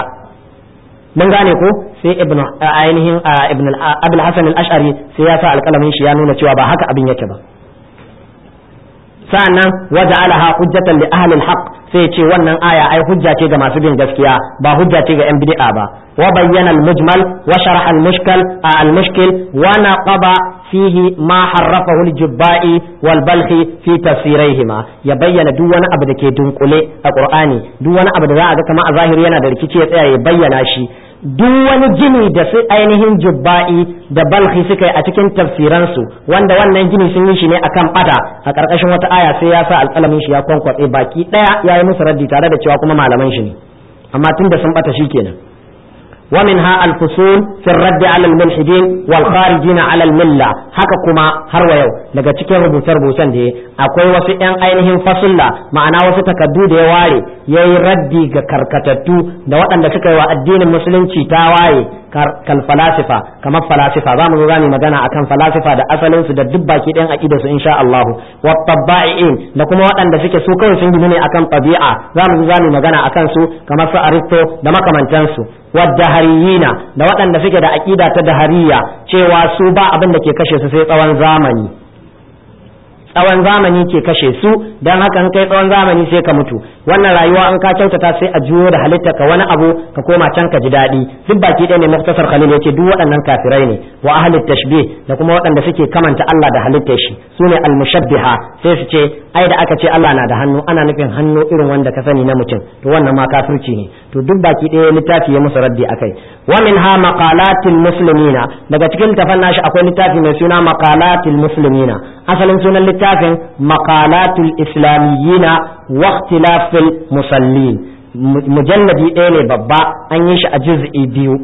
mun gane ko sai ibnu ainihin ibnu abul hasan al-ash'ari sai ya sa alƙalamin shi ya nuna cewa ba haka abin yake ba sa'annan waja'alaha hujjatan li ahli al-haq sai ce wannan aya ai hujja ce ga masu bin gaskiya ba hujja ce ga yan bid'a ba wa bayyana al-mujmal wa sharaha al-mushkal al-mushkil wa naqaba fihi ma harrafahu al-jubba'i wal balhi fi tafsiraihima ya bayyana duk wani abu da ke dunkule a qur'ani duk wani abu da za a ga kamar a zahiri yana da rikici ya tsaya ya bayyana shi duk wani jini da su ainihin jubba'i da balhi suka yi a cikin tafsiransu wanda wannan gini sun yi shi ne akan bada a ƙarƙashin wata aya sai ya sa alƙalamin shi ya kwankwatse baki ɗaya ya yi musu raddi tare da cewa kuma malaman shi ne amma tun da sun bata shi kenan al ومنها الفصول في الرد على الملحدين والخارجين alal الملة haka kuma har wa yau daga cikin rubutar rubucen da akwai wasu yan ainihin fasulla ma'ana wasu takardu da ya ware yayi raddi ga karkatattu da waɗanda suka yi wa addinin musulunci ta waye kal falasifa kamar falasifa za mu zo zamu magana akan falasifa da asalinsu da duk baki ɗayan aqida su insha Allah wa tabba'in da kuma waɗanda suke su kawai sun gini ne akan tabi'a za mu zo magana akan su kamar su da makamantansu wadda dahariyina da waɗanda suke da aƙida ta dahariya cewa su ba abin da ke kashe su sai tsawon zamani tsawon zamani ke kashe su dan haka in kai tsawon zamani sai ka mutu wannan rayuwa an ka kyautata sai a juyo da halitta ka wani abu ka koma can ka ji daɗi duk baki ɗaya ne muftasar khalil yace duk waɗannan kafirai ne wa ahli tashbih da kuma waɗanda suke kamanta Allah da halittar shi sune al mushabbiha sai su ce ai da aka ce Allah na da hannu ana nufin hannu irin wanda ka sani na mutum to wannan ma kafirci ne to duk baki ɗaya littafi ya musu raddi akai wa minha maqalatil muslimina daga cikin tafan nashi akwai littafi mai suna maqalatil muslimina asalin sunan littafin maqalatul islamiyina wa ikhtilafil musallin mujalladi ɗaya ne babba an yi shi a juz'i biyu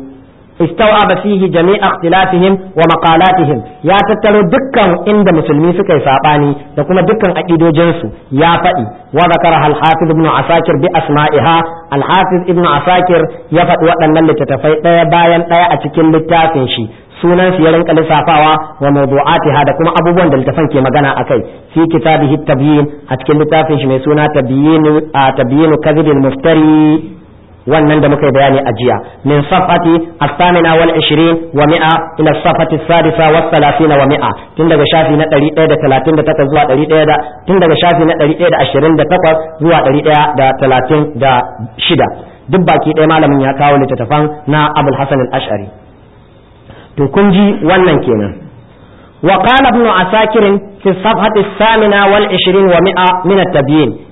استوعب فيه جميع اختلافهم ومقالاتهم يا تتلو دكان عند مسلمي سكا ساباني da kuma dukkan aƙidojinsu ya faɗi wa zakara al-hafiz ibn asakir bi asma'iha al-hafiz ibn asakir ya faɗi waɗannan littattafai ɗaya bayan ɗaya a cikin littafin shi sunan shi ya rinka lissafawa wa mawdu'atiha da kuma abubuwan da littafan ke magana akai fi kitabihi tabyin a cikin littafin shi mai suna tabyinu tabyinu kadhibil muftari wannan da muka yi bayani a jiya min safati as-samina wal 20 wa mi'a ila safati as-sadisa 30 wa mi'a tun daga shafi na 138 zuwa 100 tun daga shafi na 128 zuwa 136 duk baki ɗaya malamin ya kawo littattafan na Abul Hasan al-Ash'ari to kun ji wannan kenan wa qala ibn asakir fi safhati samina wal 20 wa mi'a min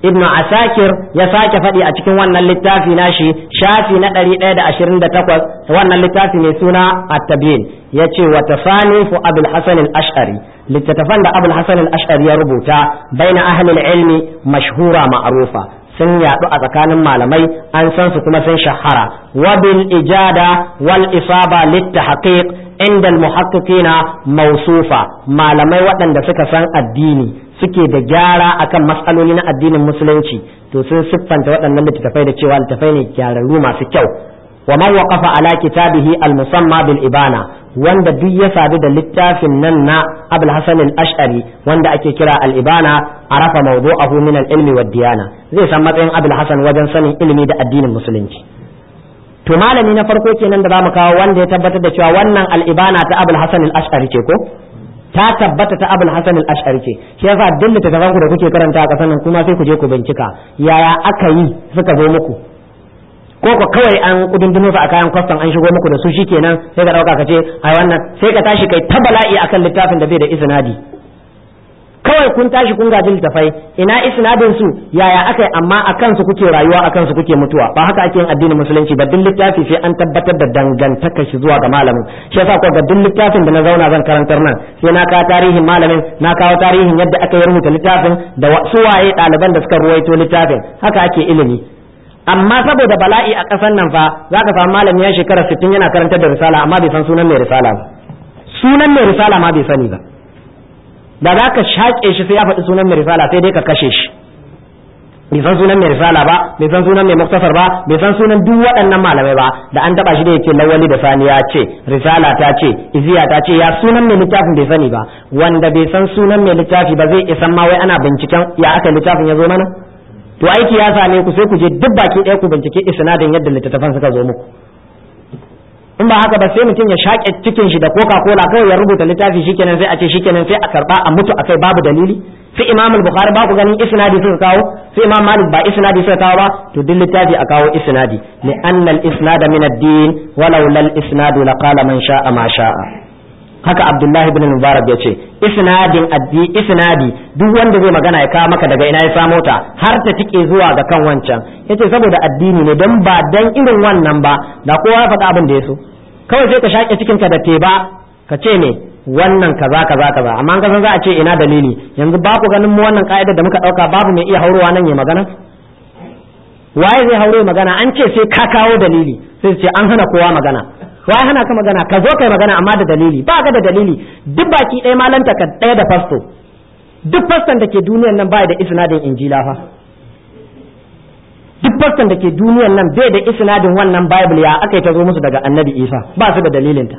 ibn asakir ya sake fadi a cikin wannan littafi shi shafi na ɗari ɗaya da ashirin 128 wannan littafi mai suna at-tabyin yace wa tafani fu abul hasan al-ash'ari littattafan da abul hasan ashari ya rubuta baina ahli al-ilmi mashhura ma'arufa. sun yaɗu a tsakanin malamai an san su kuma sun shahara wa bil ijada wal isaba littahqiq inda al-muhaqqiqina mawsufa malamai waɗanda suka san addini suke da gyara akan matsaloli na addinin musulunci to sun siffanta waɗannan littattafai da cewa littattafai ne gyararru masu kyau wa man waqafa ala kitabihi al-musamma bil ibana wanda duk ya sadu da littafin nan na abul hasan al-ash'ari wanda ake kira al-ibana arafa abu min al-ilmi wa diyana zai san matsayin abul hasan wajen sanin ilimi da addinin musulunci to malami na farko kenan da zamu kawo wanda ya tabbatar da cewa wannan al-ibana ta abul hasan al-ash'ari ce ko ta tabbata ta abul hasan al-ash'ari ce shi yasa duk littattafan ku da kuke karanta a kasan nan kuma sai ku je ku bincika yaya aka yi suka zo muku ko ko kawai an kudundun su a kayan kwastan an shigo muku da su shikenan sai ka dauka ka ce ai wannan sai ka tashi kai ta bala'i akan littafin da bai da isnadi kawai kun tashi kun gaji littafai ina isnadin su yaya akai amma akan su kuke rayuwa akan su kuke mutuwa ba haka ake yin addinin musulunci ba duk littafi sai an tabbatar da dangantaka shi zuwa ga malamin shi yasa ko ga duk littafin da na zauna zan karantar nan sai na kawo tarihin malamin na kawo tarihin yadda aka yi rubuta littafin da su waye ɗaliban da suka ruwaito littafin haka ake ilimi amma saboda bala'i a kasan nan fa za ka samu malami ya shekara 60 yana karantar da risala amma bai san sunan mai risala sunan mai risala ma bai sani ba da za ka shaƙe shi sai ya faɗi sunan mai risala sai dai ka kashe shi bai san sunan mai risala ba bai san sunan mai muktasar ba bai san sunan duk waɗannan malamai ba da an taba shi da yake lawali da sani ya ce risala ta ce iziya ta ce ya sunan mai littafin bai sani ba wanda bai san sunan mai littafi ba zai isan ma wai ana binciken ya aka littafin ya zo mana to aiki ya same ku sai ku je duk baki ɗaya ku bincike isnadin yadda littattafan suka zo muku in ba haka ba sai mutum ya shaƙe cikin shi da koka kola kawai ya rubuta littafi shikenan sai a ce shikenan sai a karba a mutu akai babu dalili sai imam al-bukhari ba ku ganin isnadi suka kawo sai imam malik ba isnadi suka kawo ba to duk littafi a kawo isnadi li anna al-isnad min ad-din walau lal isnadu laqala man sha'a ma sha'a haka abdullahi ibn mubarak ya ce isnadin addi isnadi duk wanda zai magana ya kawo maka daga ina ya samo ta har ta tike zuwa ga kan wancan yace saboda addini ne dan ba dan irin wannan ba da kowa ya faɗa abin da ya so kawai sai ka shaƙe cikin ka da teba ka ce ne wannan kaza kaza kaza amma an san za a ce ina dalili yanzu ba ku ganin mu wannan ka'idar da muka ɗauka babu mai iya haurowa nan ya magana waye zai haure magana an ce sai ka kawo dalili sai ce an hana kowa magana wai hana ka magana ka zo kai magana amma da dalili ba ka da dalili duk baki ɗaya malanta ka ɗaya da fasto duk faston da ke duniyan nan baya da isnadin injila fa duk faston da ke duniyan nan bai da isnadin wannan bible ya aka ta zo musu daga annabi isa ba su da dalilinta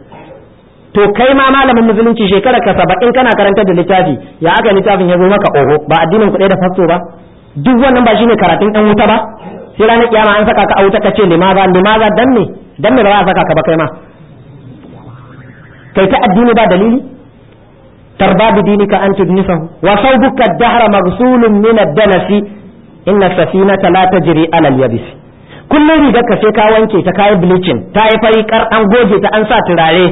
to kai ma malamin musulunci shekarar ka saba'in kana karantar da littafi ya aka littafin ya zo maka oho ba addinin ku ɗaya da fasto ba duk wannan ba shine karatun ɗan wuta ba sai ranar kiyama an saka ka a wuta kace limaza limaza dan ne dan me ba a saka ka ba kai ma kai ta addini ba dalili tarba bi dinika an tudnifahu wa sawbuka dahra maghsulun min ad-dalasi inna safinata la tajri ala al-yabis kullum rigar ka sai ka wanke ta kayi bleaching ta yi fari kar an goge ta an sa turare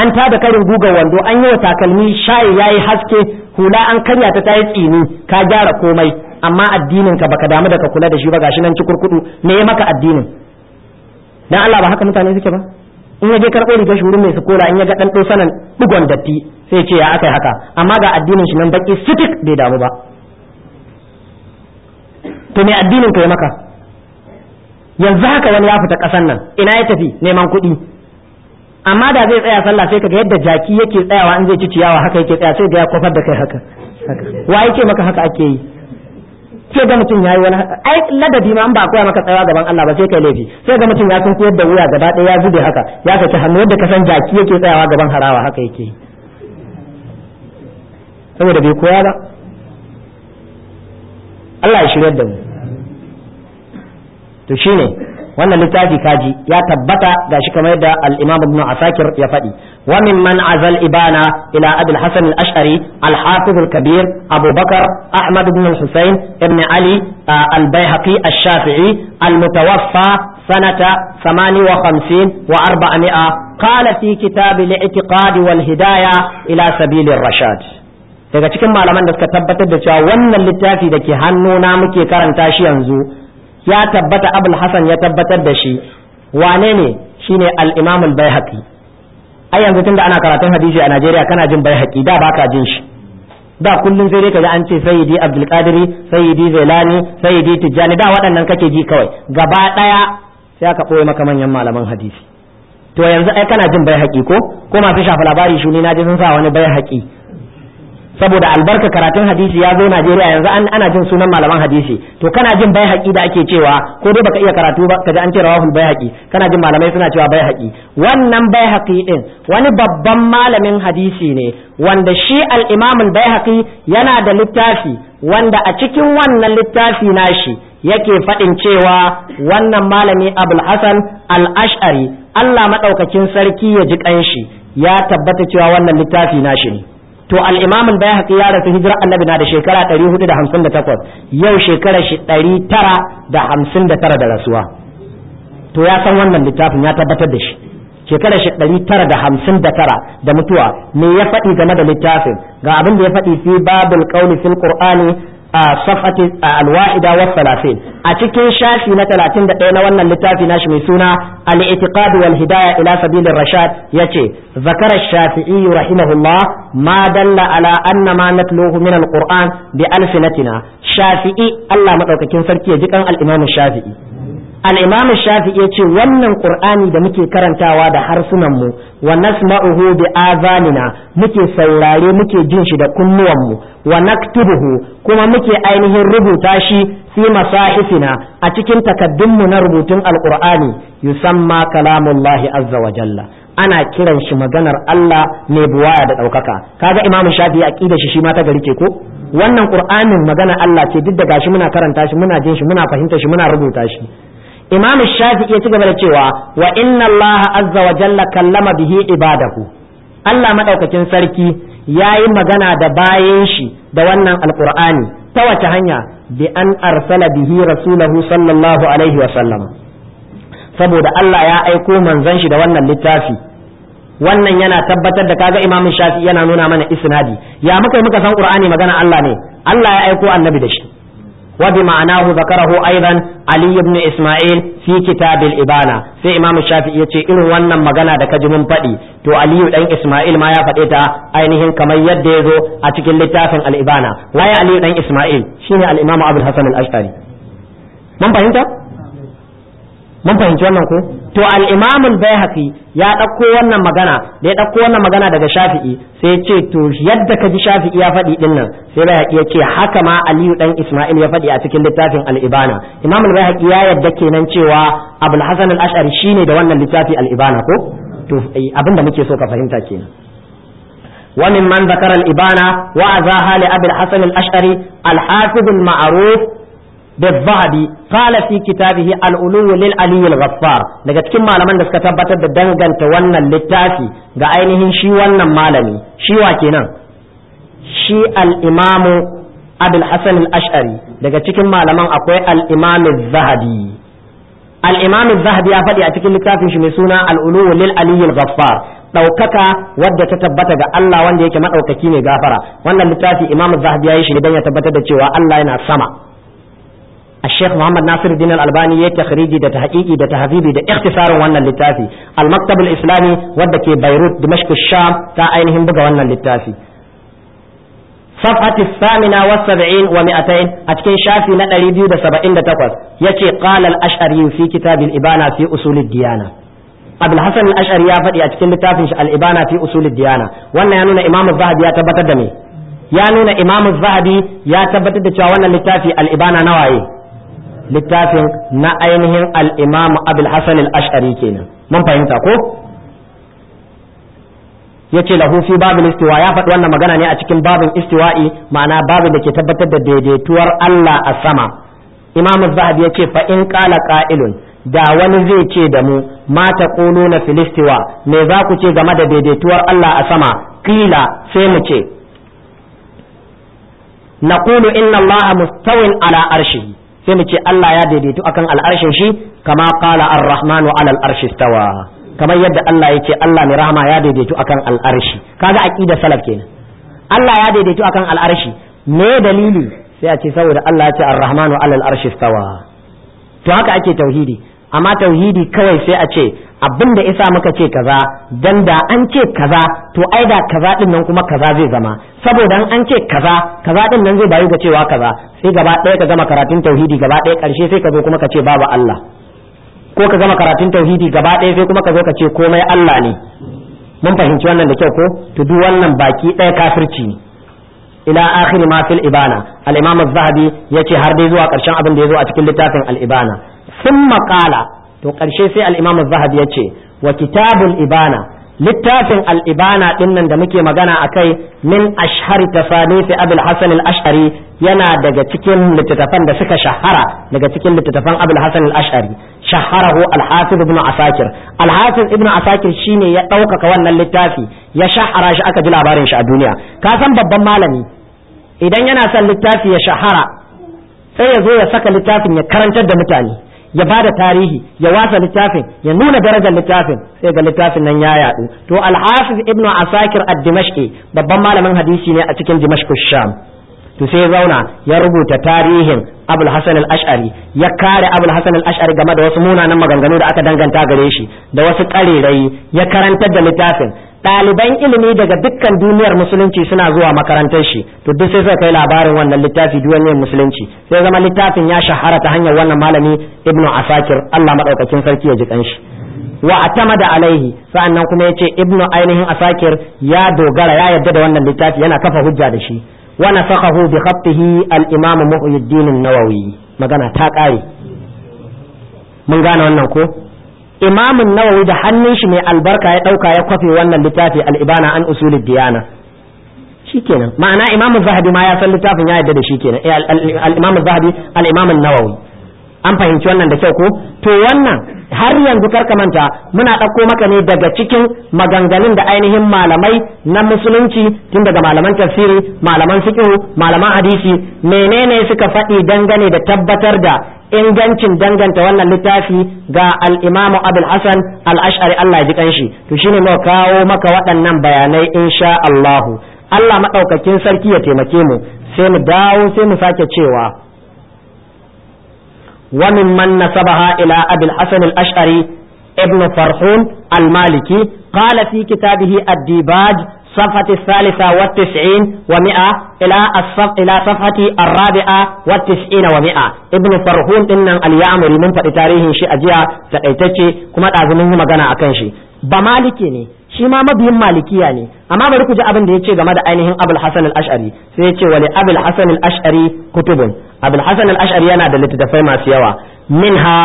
an ta da karin guga wando an yi wa takalmi shayi yayi haske hula an kanya ta ta yi tsini ka gyara komai amma addinin ka baka damu da ka kula da shi ba gashi nan cikurkudu me ya maka addinin dan Allah ba haka mutane suke ba in ya je karɓo rigar shi wurin mai sukola in ya ga dan sanan ɗigon datti sai ce ya akai haka amma ga addinin shi nan baki sitik bai damu ba to me addinin ka ya maka yanzu haka wani ya fita ƙasan nan ina ya tafi neman kuɗi amma da zai tsaya sallah sai kaga yadda jaki yake tsayawa in zai ci ciyawa haka yake tsaya sai da ya kofar da kai haka haka wa yake maka haka ake yi sai ga mutum yayi wani ai ladabi ma an ba koya maka tsayawa gaban Allah ba sai kai laifi sai ga mutum ya san koyar da wuya gaba ɗaya ya zube haka ya saki hannu yadda ka san jaki yake tsayawa gaban harawa haka yake saboda bai koya ba Allah ya shirya da mu to shine wannan littafi kaji ya tabbata shi kamar yadda al-Imam Ibn Asakir ya faɗi wa man azal ibana ila Abul Hasan al-Ash'ari al-Hafiz al-Kabir Abu Bakar Ahmad ibn Husayn ibn Ali al-Baihaqi al-Shafi'i al-mutawaffa سنة ثمان a وأربعمائة قال في كتاب الاعتقاد ila sabilin rashad. daga cikin malaman da suka tabbatar da cewa wannan littafi da ke hannu na muke karanta shi yanzu ya tabbata abul hasan ya tabbatar da shi wane ne shine al imamul al ai yanzu tunda ana karatun hadisi a Najeriya kana jin baihaqi da baka jin shi da kullum sai dai kaji an ce sayyidi abdul qadiri sayyidi zailani sayyidi tijjani da waɗannan kake ji kawai gaba ɗaya sai aka ɓoye maka manyan malaman hadisi to yanzu ai kana jin baihaqi ko ko masu shafa labari shuni na ji sun sa wani baihaqi saboda albarka karatun hadisi ya zo Najeriya yanzu an ana jin sunan malaman hadisi to kana jin bai haƙi da ake cewa ko dai baka iya karatu ba kaji an ce rawahul bai haƙi kana jin malamai suna cewa bai haƙi wannan bai haƙi din wani babban malamin hadisi ne wanda shi al-Imam al-Baihaqi yana da littafi wanda a cikin wannan littafi nashi yake faɗin cewa wannan malami Abul Hasan al-Ash'ari Allah madaukakin sarki ya ji kanshi ya tabbata cewa wannan littafi nashi ne to al-imam bayhaqi ya rasu hijira annabi na da shekara 458 yau shekara shi 959 da rasuwa to ya san wannan littafin ya tabbatar da shi shekara shi ɗari da da mutuwa me ya faɗi game da littafin ga abin da ya faɗi fi babul qawli fil qur'ani a safati alwa'ida wa salafin a cikin shafi na talatin da ɗaya na wannan littafi na shi mai suna al-i'tiqad wal hidaya ila sabil rashad ya ce zakara shafi'i rahimahullah ma la'ala ala anna ma natluhu min al-qur'an bi alfinatina shafi'i Allah madaukakin sarki ya ji kan al-imam shafi'i Al'imamin imam shafi'i yace wannan qur'ani da muke karantawa da harsunan mu wa nasma'uhu bi azanina muke saurare muke jin shi da kunnuwan mu wa naktubuhu kuma muke ainihin rubuta shi fi masahifina a cikin takaddun mu na rubutun al-qur'ani yusamma kalamullahi azza wa jalla ana kiran shi maganar Allah mai buwaya da ɗaukaka kaga imamu shafi aqida shi shi ma ta gari ke ko wannan qur'anin magana Allah ce duk da gashi muna karanta shi muna jin shi muna fahimta shi muna rubuta shi imam shafi'i ya ci gaba da cewa wa inna allaha azza wa jalla kallama bihi ibadahu Allah madaukakin sarki yayi magana da bayan shi da wannan alqur'ani ta wace hanya bi an arsala bihi rasulahu sallallahu alaihi wa sallam saboda Allah ya aiko manzon shi da wannan littafi wannan yana tabbatar da kaga imamin shafi'i yana nuna mana isnadi ya muka muka san qur'ani magana Allah ne Allah ya aiko annabi da shi وبمعناه ذكره أيضا علي بن إسماعيل في كتاب الإبانة في إمام الشافعي يتي إن ونن مغانا دك جمم فدي تو علي بن إسماعيل ما يفديتا أينهن كما يديزو أتكل لتافن الإبانة ويا علي بن إسماعيل شيني الإمام أبو الحسن الأشعري من فهمت؟ mun fahimci wannan ko to al-imam al ya dauko wannan magana da ya dauko wannan magana daga shafi'i sai ya ce to yadda kaji shafi'i ya faɗi din nan sai baihaqi ya ce haka ma aliyu dan isma'il ya faɗi a cikin littafin al-ibana imam al ya yadda kenan cewa abul hasan al-ash'ari shine da wannan littafi al-ibana ko to eh, abinda muke so ka fahimta kenan ومن من ذكر الإبانة وأذاها لأبي الحسن الأشعري الحافظ المعروف بالذهبي قال في كتابه العلو للعلي daga cikin malaman da suka tabbatar da danganta wannan littafi ga ainihin shi wannan malami shi wa kenan shi al-imamu abul ashari daga cikin malaman akwai al-imamu zahabi al zahabi ya faɗi a cikin littafin shi mai suna al-ulul lil ɗaukaka wadda ta tabbata ga Allah wanda yake maɗaukaki mai gafara wannan littafi imamu zahabi ya yi shi ya tabbatar da cewa Allah yana sama الشيخ محمد ناصر الدين الألباني تخريجي ده تحقيقي ده تهذيبي ده اختصار وانا للتافي المكتب الإسلامي ودك بيروت دمشق الشام تا أينهم بقى وانا للتافي صفحة الثامنة والسبعين ومئتين أتكين شافي نقل يديو ده سبعين ده تقوز يتي قال الأشعري في كتاب الإبانة في أصول الديانة abul hasan al-ash'ari ya faɗi a cikin littafin shi al-ibana fi usul diyana wannan ya nuna imam zahabi ya tabbatar da me ya nuna imam zahabi ya tabbatar da cewa wannan littafi al-ibana nawaye littafin na ainihin al’imamu imam abul hasan ashari kenan mun fahimta ko yace lahu fi babul istiwa ya faɗi wannan magana ne a cikin babin istiwa'i ma'ana babin da ke tabbatar da daidaituwar Allah a sama imamu zahabi yace fa in qala qa'ilun da wani zai ce da mu mata taquluna na filistiwa me za ku ce game da daidaituwar Allah a sama ƙila sai mu ce naqulu inna Allah mustawin ala arshihi sai mu ce Allah ya daidaitu akan al'arshin shi kama qala ar-rahmanu 'ala al-arshi stawa kamar yadda Allah ya ce Allah mai rahama ya daidaitu akan al'arshi kaga aqida salaf kenan Allah ya daidaitu akan al'arshi me dalili sai a ce saboda Allah ya ce ar-rahmanu 'ala al-arshi stawa to haka ake tauhidi amma tauhidi kawai sai a ce abin da isa muka ce kaza dan da an ce kaza to ai da kaza din nan kuma kaza zai zama saboda an ce kaza kaza din nan zai bayu ga cewa kaza sai gaba ɗaya ka gama karatun tauhidi gaba ɗaya ƙarshe sai ka zo kuma ka ce babu Allah ko ka gama karatun tauhidi gaba ɗaya sai kuma ka zo ka ce komai Allah ne mun fahimci wannan da kyau ko to duk wannan baki ɗaya kafirci ne ila akhir ma fil ibana al-imam az-zahabi yace har dai zuwa karshen abin da ya a cikin littafin al Tun maƙala to ƙarshe sai al'imam zahabi ya ce wa kitabul ibana littafin al'ibana ɗinnan da muke magana a kai min ashhari tasanisi abul hasan al-ash'ari yana daga cikin littattafan da suka shahara daga cikin littattafan abul hasan al-ash'ari shaharahu al-hafiz ibn asakir al-hafiz ibn asakir shine ya ɗaukaka wannan littafi ya shahara shi aka ji labarin shi a duniya ka san babban malami idan yana son littafi ya shahara sai ya zo ya saka littafin ya karantar da mutane ya bada tarihi ya wasa littafin ya nuna darajar littafin sai ga littafin nan ya yadu to al-hafiz ibnu asakir ad-dimashqi babban malamin hadisi ne a cikin dimashq sham to sai zauna ya rubuta tarihin abul hasan al-ash'ari ya kare abul hasan al-ash'ari game da wasu munanan maganganu da aka danganta gare shi da wasu karerai ya karantar da littafin ɗaliban ilimi daga dukkan duniyar musulunci suna zuwa makarantar shi to duk sai suka kai labarin wannan littafi duniyar musulunci sai zama littafin ya shahara ta hanyar wannan malami ibnu asakir Allah maɗaukakin sarki ya ji kanshi wa da alaihi sa'annan kuma ya ce ibnu ainihin asakir ya dogara ya yadda da wannan littafi yana kafa hujja da shi wa sakahu bi khattihi al-imam nawawi magana ta kare mun gane wannan ko Imam nawawi da hannun shi mai albarka ya dauka ya kwafe wannan littafi al-Ibana an usulid diyana ma'ana Imam Zahabi ma ya san littafin ya yadda da shi kenan al Zahabi nawawi an fahimci wannan da kyau ko to wannan har yanzu karka manta muna ɗauko maka ne daga cikin maganganun da ainihin malamai na musulunci tun daga malaman tafsiri malaman fiqh malaman hadisi menene suka faɗi dangane da tabbatar da ingancin danganta wannan littafi ga al-Imam Abul Hasan al-Ash'ari Allah ya ji kanshi to shine mu kawo maka waɗannan bayanai insha Allah Allah madaukakin sarki ya taimake mu sai mu dawo sai mu sake cewa وممن نسبها إلى أبي الحسن الأشعري ابن فرحون المالكي قال في كتابه الديباج صفحة الثالثة والتسعين ومئة إلى الصف إلى صفحة الرابعة والتسعين ومئة ابن فرحون إن اليعمري من فتاريه شيء أجيا فأيتشي كما تعزمين مغانا أكنشي بمالكي shi ma mabiyin malikiya ne amma bari ku ji abin da yace game da ainihin abul hasan al-ash'ari sai yace wali abul hasan al-ash'ari kutubun abul hasan al-ash'ari yana da littattafai masu yawa minha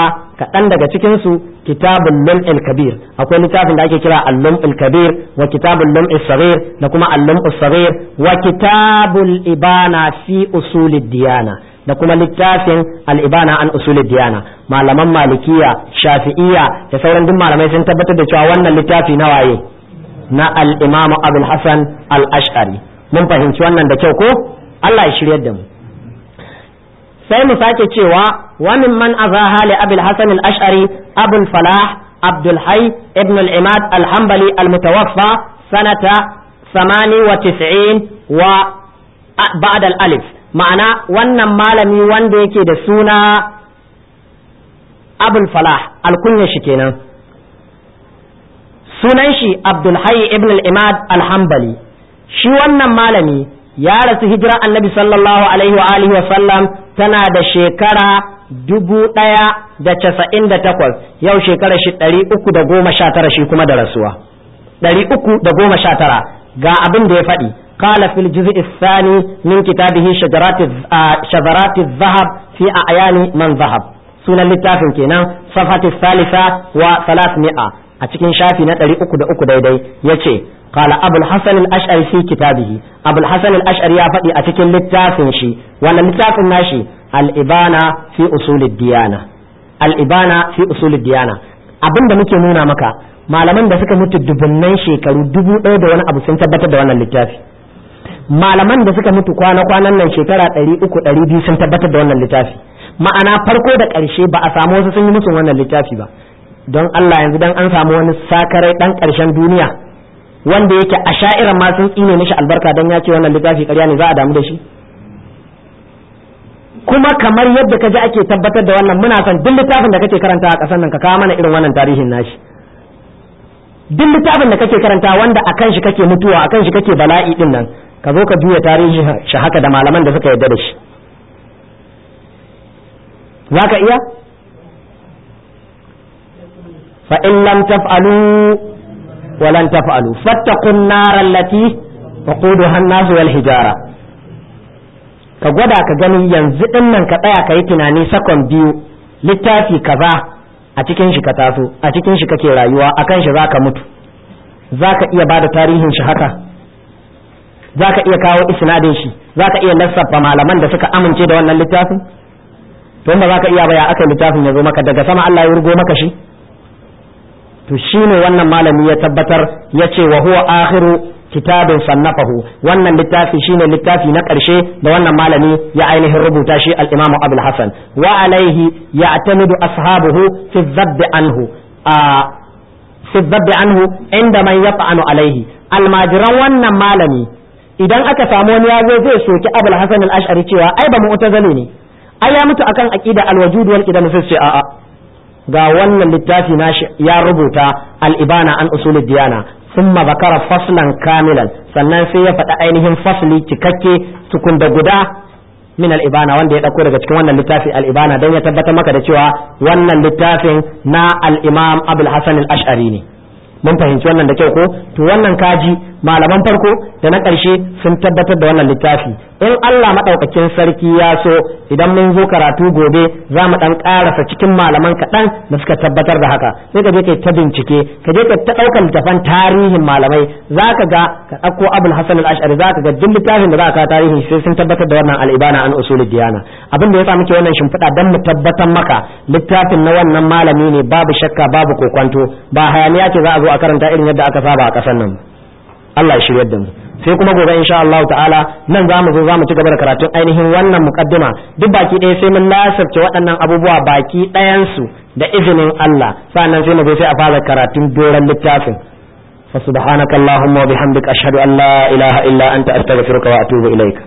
kaɗan daga cikin su kitabul lum al-kabir akwai littafin da ake kira al-lum al-kabir wa kitabul lum al-saghir da kuma al-lum al-saghir wa kitabul ibana fi usulid diyana da kuma littafin al'ibana an usulid diyana malaman malikiya shafi'iya da sauran duk malamai sun tabbatar da cewa wannan littafi na waye na al-Imam Abul Hasan al-Ash'ari mun fahimci wannan da kyau ko Allah ya shiryar da mu sai mu sake cewa wani man azaha li Abul hassan al-Ash'ari Abul Falah Abdul ibn al alhambali al mutawaffa sanata 98 wa ba'd al-alif ma'ana wannan malami wanda yake da suna Abul Falah alkunya shi kenan sunan shi abdulhayi ibn al-imad al shi wannan malami ya rasu hijira annabi sallallahu alaihi wa alihi wa sallam tana da shekara dubu ɗaya da casa'in da takwas yau shekara shi ɗari uku da goma sha tara shi kuma da rasuwa ɗari uku da goma sha tara ga abin da ya faɗi kala في الجزء الثاني من كتابه شجرات الذهب في أعيان man zahab. sunan littafin kenan safati salisa wa Mi'a a cikin shafi na ɗari uku da uku daidai ya qala abul hasan al-ash'ari fi kitabihi abul hasan al-ash'ari ya faɗi a cikin littafin shi wannan littafin nashi al-ibana fi usulid diyana al-ibana fi usulid diyana abinda muke nuna maka malaman da suka mutu dubunnan shekaru dubu ɗaya da wani abu sun tabbatar da wannan littafi malaman da suka mutu kwana kwanan nan shekara ɗari uku ɗari biyu sun tabbatar da wannan littafi ma'ana farko da ƙarshe ba a samu wasu sun yi musu wannan littafi ba don Allah yanzu dan an samu wani sakarai dan ƙarshen duniya wanda yake a sha'irar ma sun tsine mishi albarka don ya ce wannan littafi ƙarya ne za a damu da shi kuma kamar yadda ka ji ake tabbatar da wannan muna son duk littafin da kake karanta a ƙasar nan ka kawo mana irin wannan tarihin nashi duk littafin da kake karanta wanda a kan shi kake mutuwa a kan shi kake bala'i din nan ka zo ka juya tarihi shi haka da malaman da suka yarda da shi za ka iya fa'in lam taf'alu wa lan taf'alu fattakun naran lati wa kudu hannasu wal hijara ka gwada ka gani yanzu ɗin nan ka tsaya ka yi tunani sakon biyu littafi kaza a cikin shi ka taso a cikin shi kake rayuwa a kan shi za ka mutu za ka iya bada tarihin shi haka za ka iya kawo isnadin shi za ka iya lissafa malaman da suka amince da wannan littafin to ba za ka iya ba ya aka littafin ya zo maka daga sama Allah ya rugo maka shi to shine wannan malami ya tabbatar ya ce wa huwa akhiru kitabin sannafahu wannan littafi shine littafi na karshe da wannan malami ya ainihin rubuta shi al-Imam Abdul Hasan wa alaihi ya'tamidu ashabuhu fi dhabb anhu a fi dhabb anhu inda man yaf'anu alaihi almajiran wannan malami idan aka samu wani ya zo zai soki Abdul Hasan al-Ash'ari cewa ai ba mu'tazili ne ai ya mutu akan aqida alwajud wal qidam sai ce a'a ga wannan littafi nashi ya rubuta al-ibana an usuli diyana thumma zakara faslan kamilan sannan sai ya faɗi ainihin fasli cikakke tukun da guda min al-ibana wanda ya dauko daga cikin wannan littafi al-ibana don ya tabbatar maka da cewa wannan littafin na al-imam abul hasan al-ash'ari ne mun fahimci wannan da kyau ko to wannan kaji malaman farko da na ƙarshe sun tabbatar da wannan littafi in Allah maɗaukakin sarki ya so idan mun zo karatu gobe za mu ɗan ƙarasa cikin malaman kaɗan da suka tabbatar da haka sai ka je yi ta bincike ka je ka ta ɗaukar littafan tarihin malamai za ka ga ka ɗauko abul hasan al-ash'ari za ka ga duk littafin da za ka tarihin sai sun tabbatar da wannan al'ibana an usulul diyana abin da ya sa muke wannan shimfiɗa dan mu tabbatar maka littafin na wannan malami ne babu shakka babu kokwanto ba hayaniya ce za a zo a karanta irin yadda aka saba a ƙasar nan Allah ya shiryar da mu sai kuma gobe insha Allah ta'ala nan za mu zo za mu ci gaba da karatun ainihin wannan mukaddima duk baki ɗaya sai mun lasafce waɗannan abubuwa baki ɗayansu da izinin Allah sannan sai mu zo sai a fara karatun doron littafin fa subhanakallahumma wa bihamdika ashhadu an la ilaha illa anta astaghfiruka wa atubu ilaik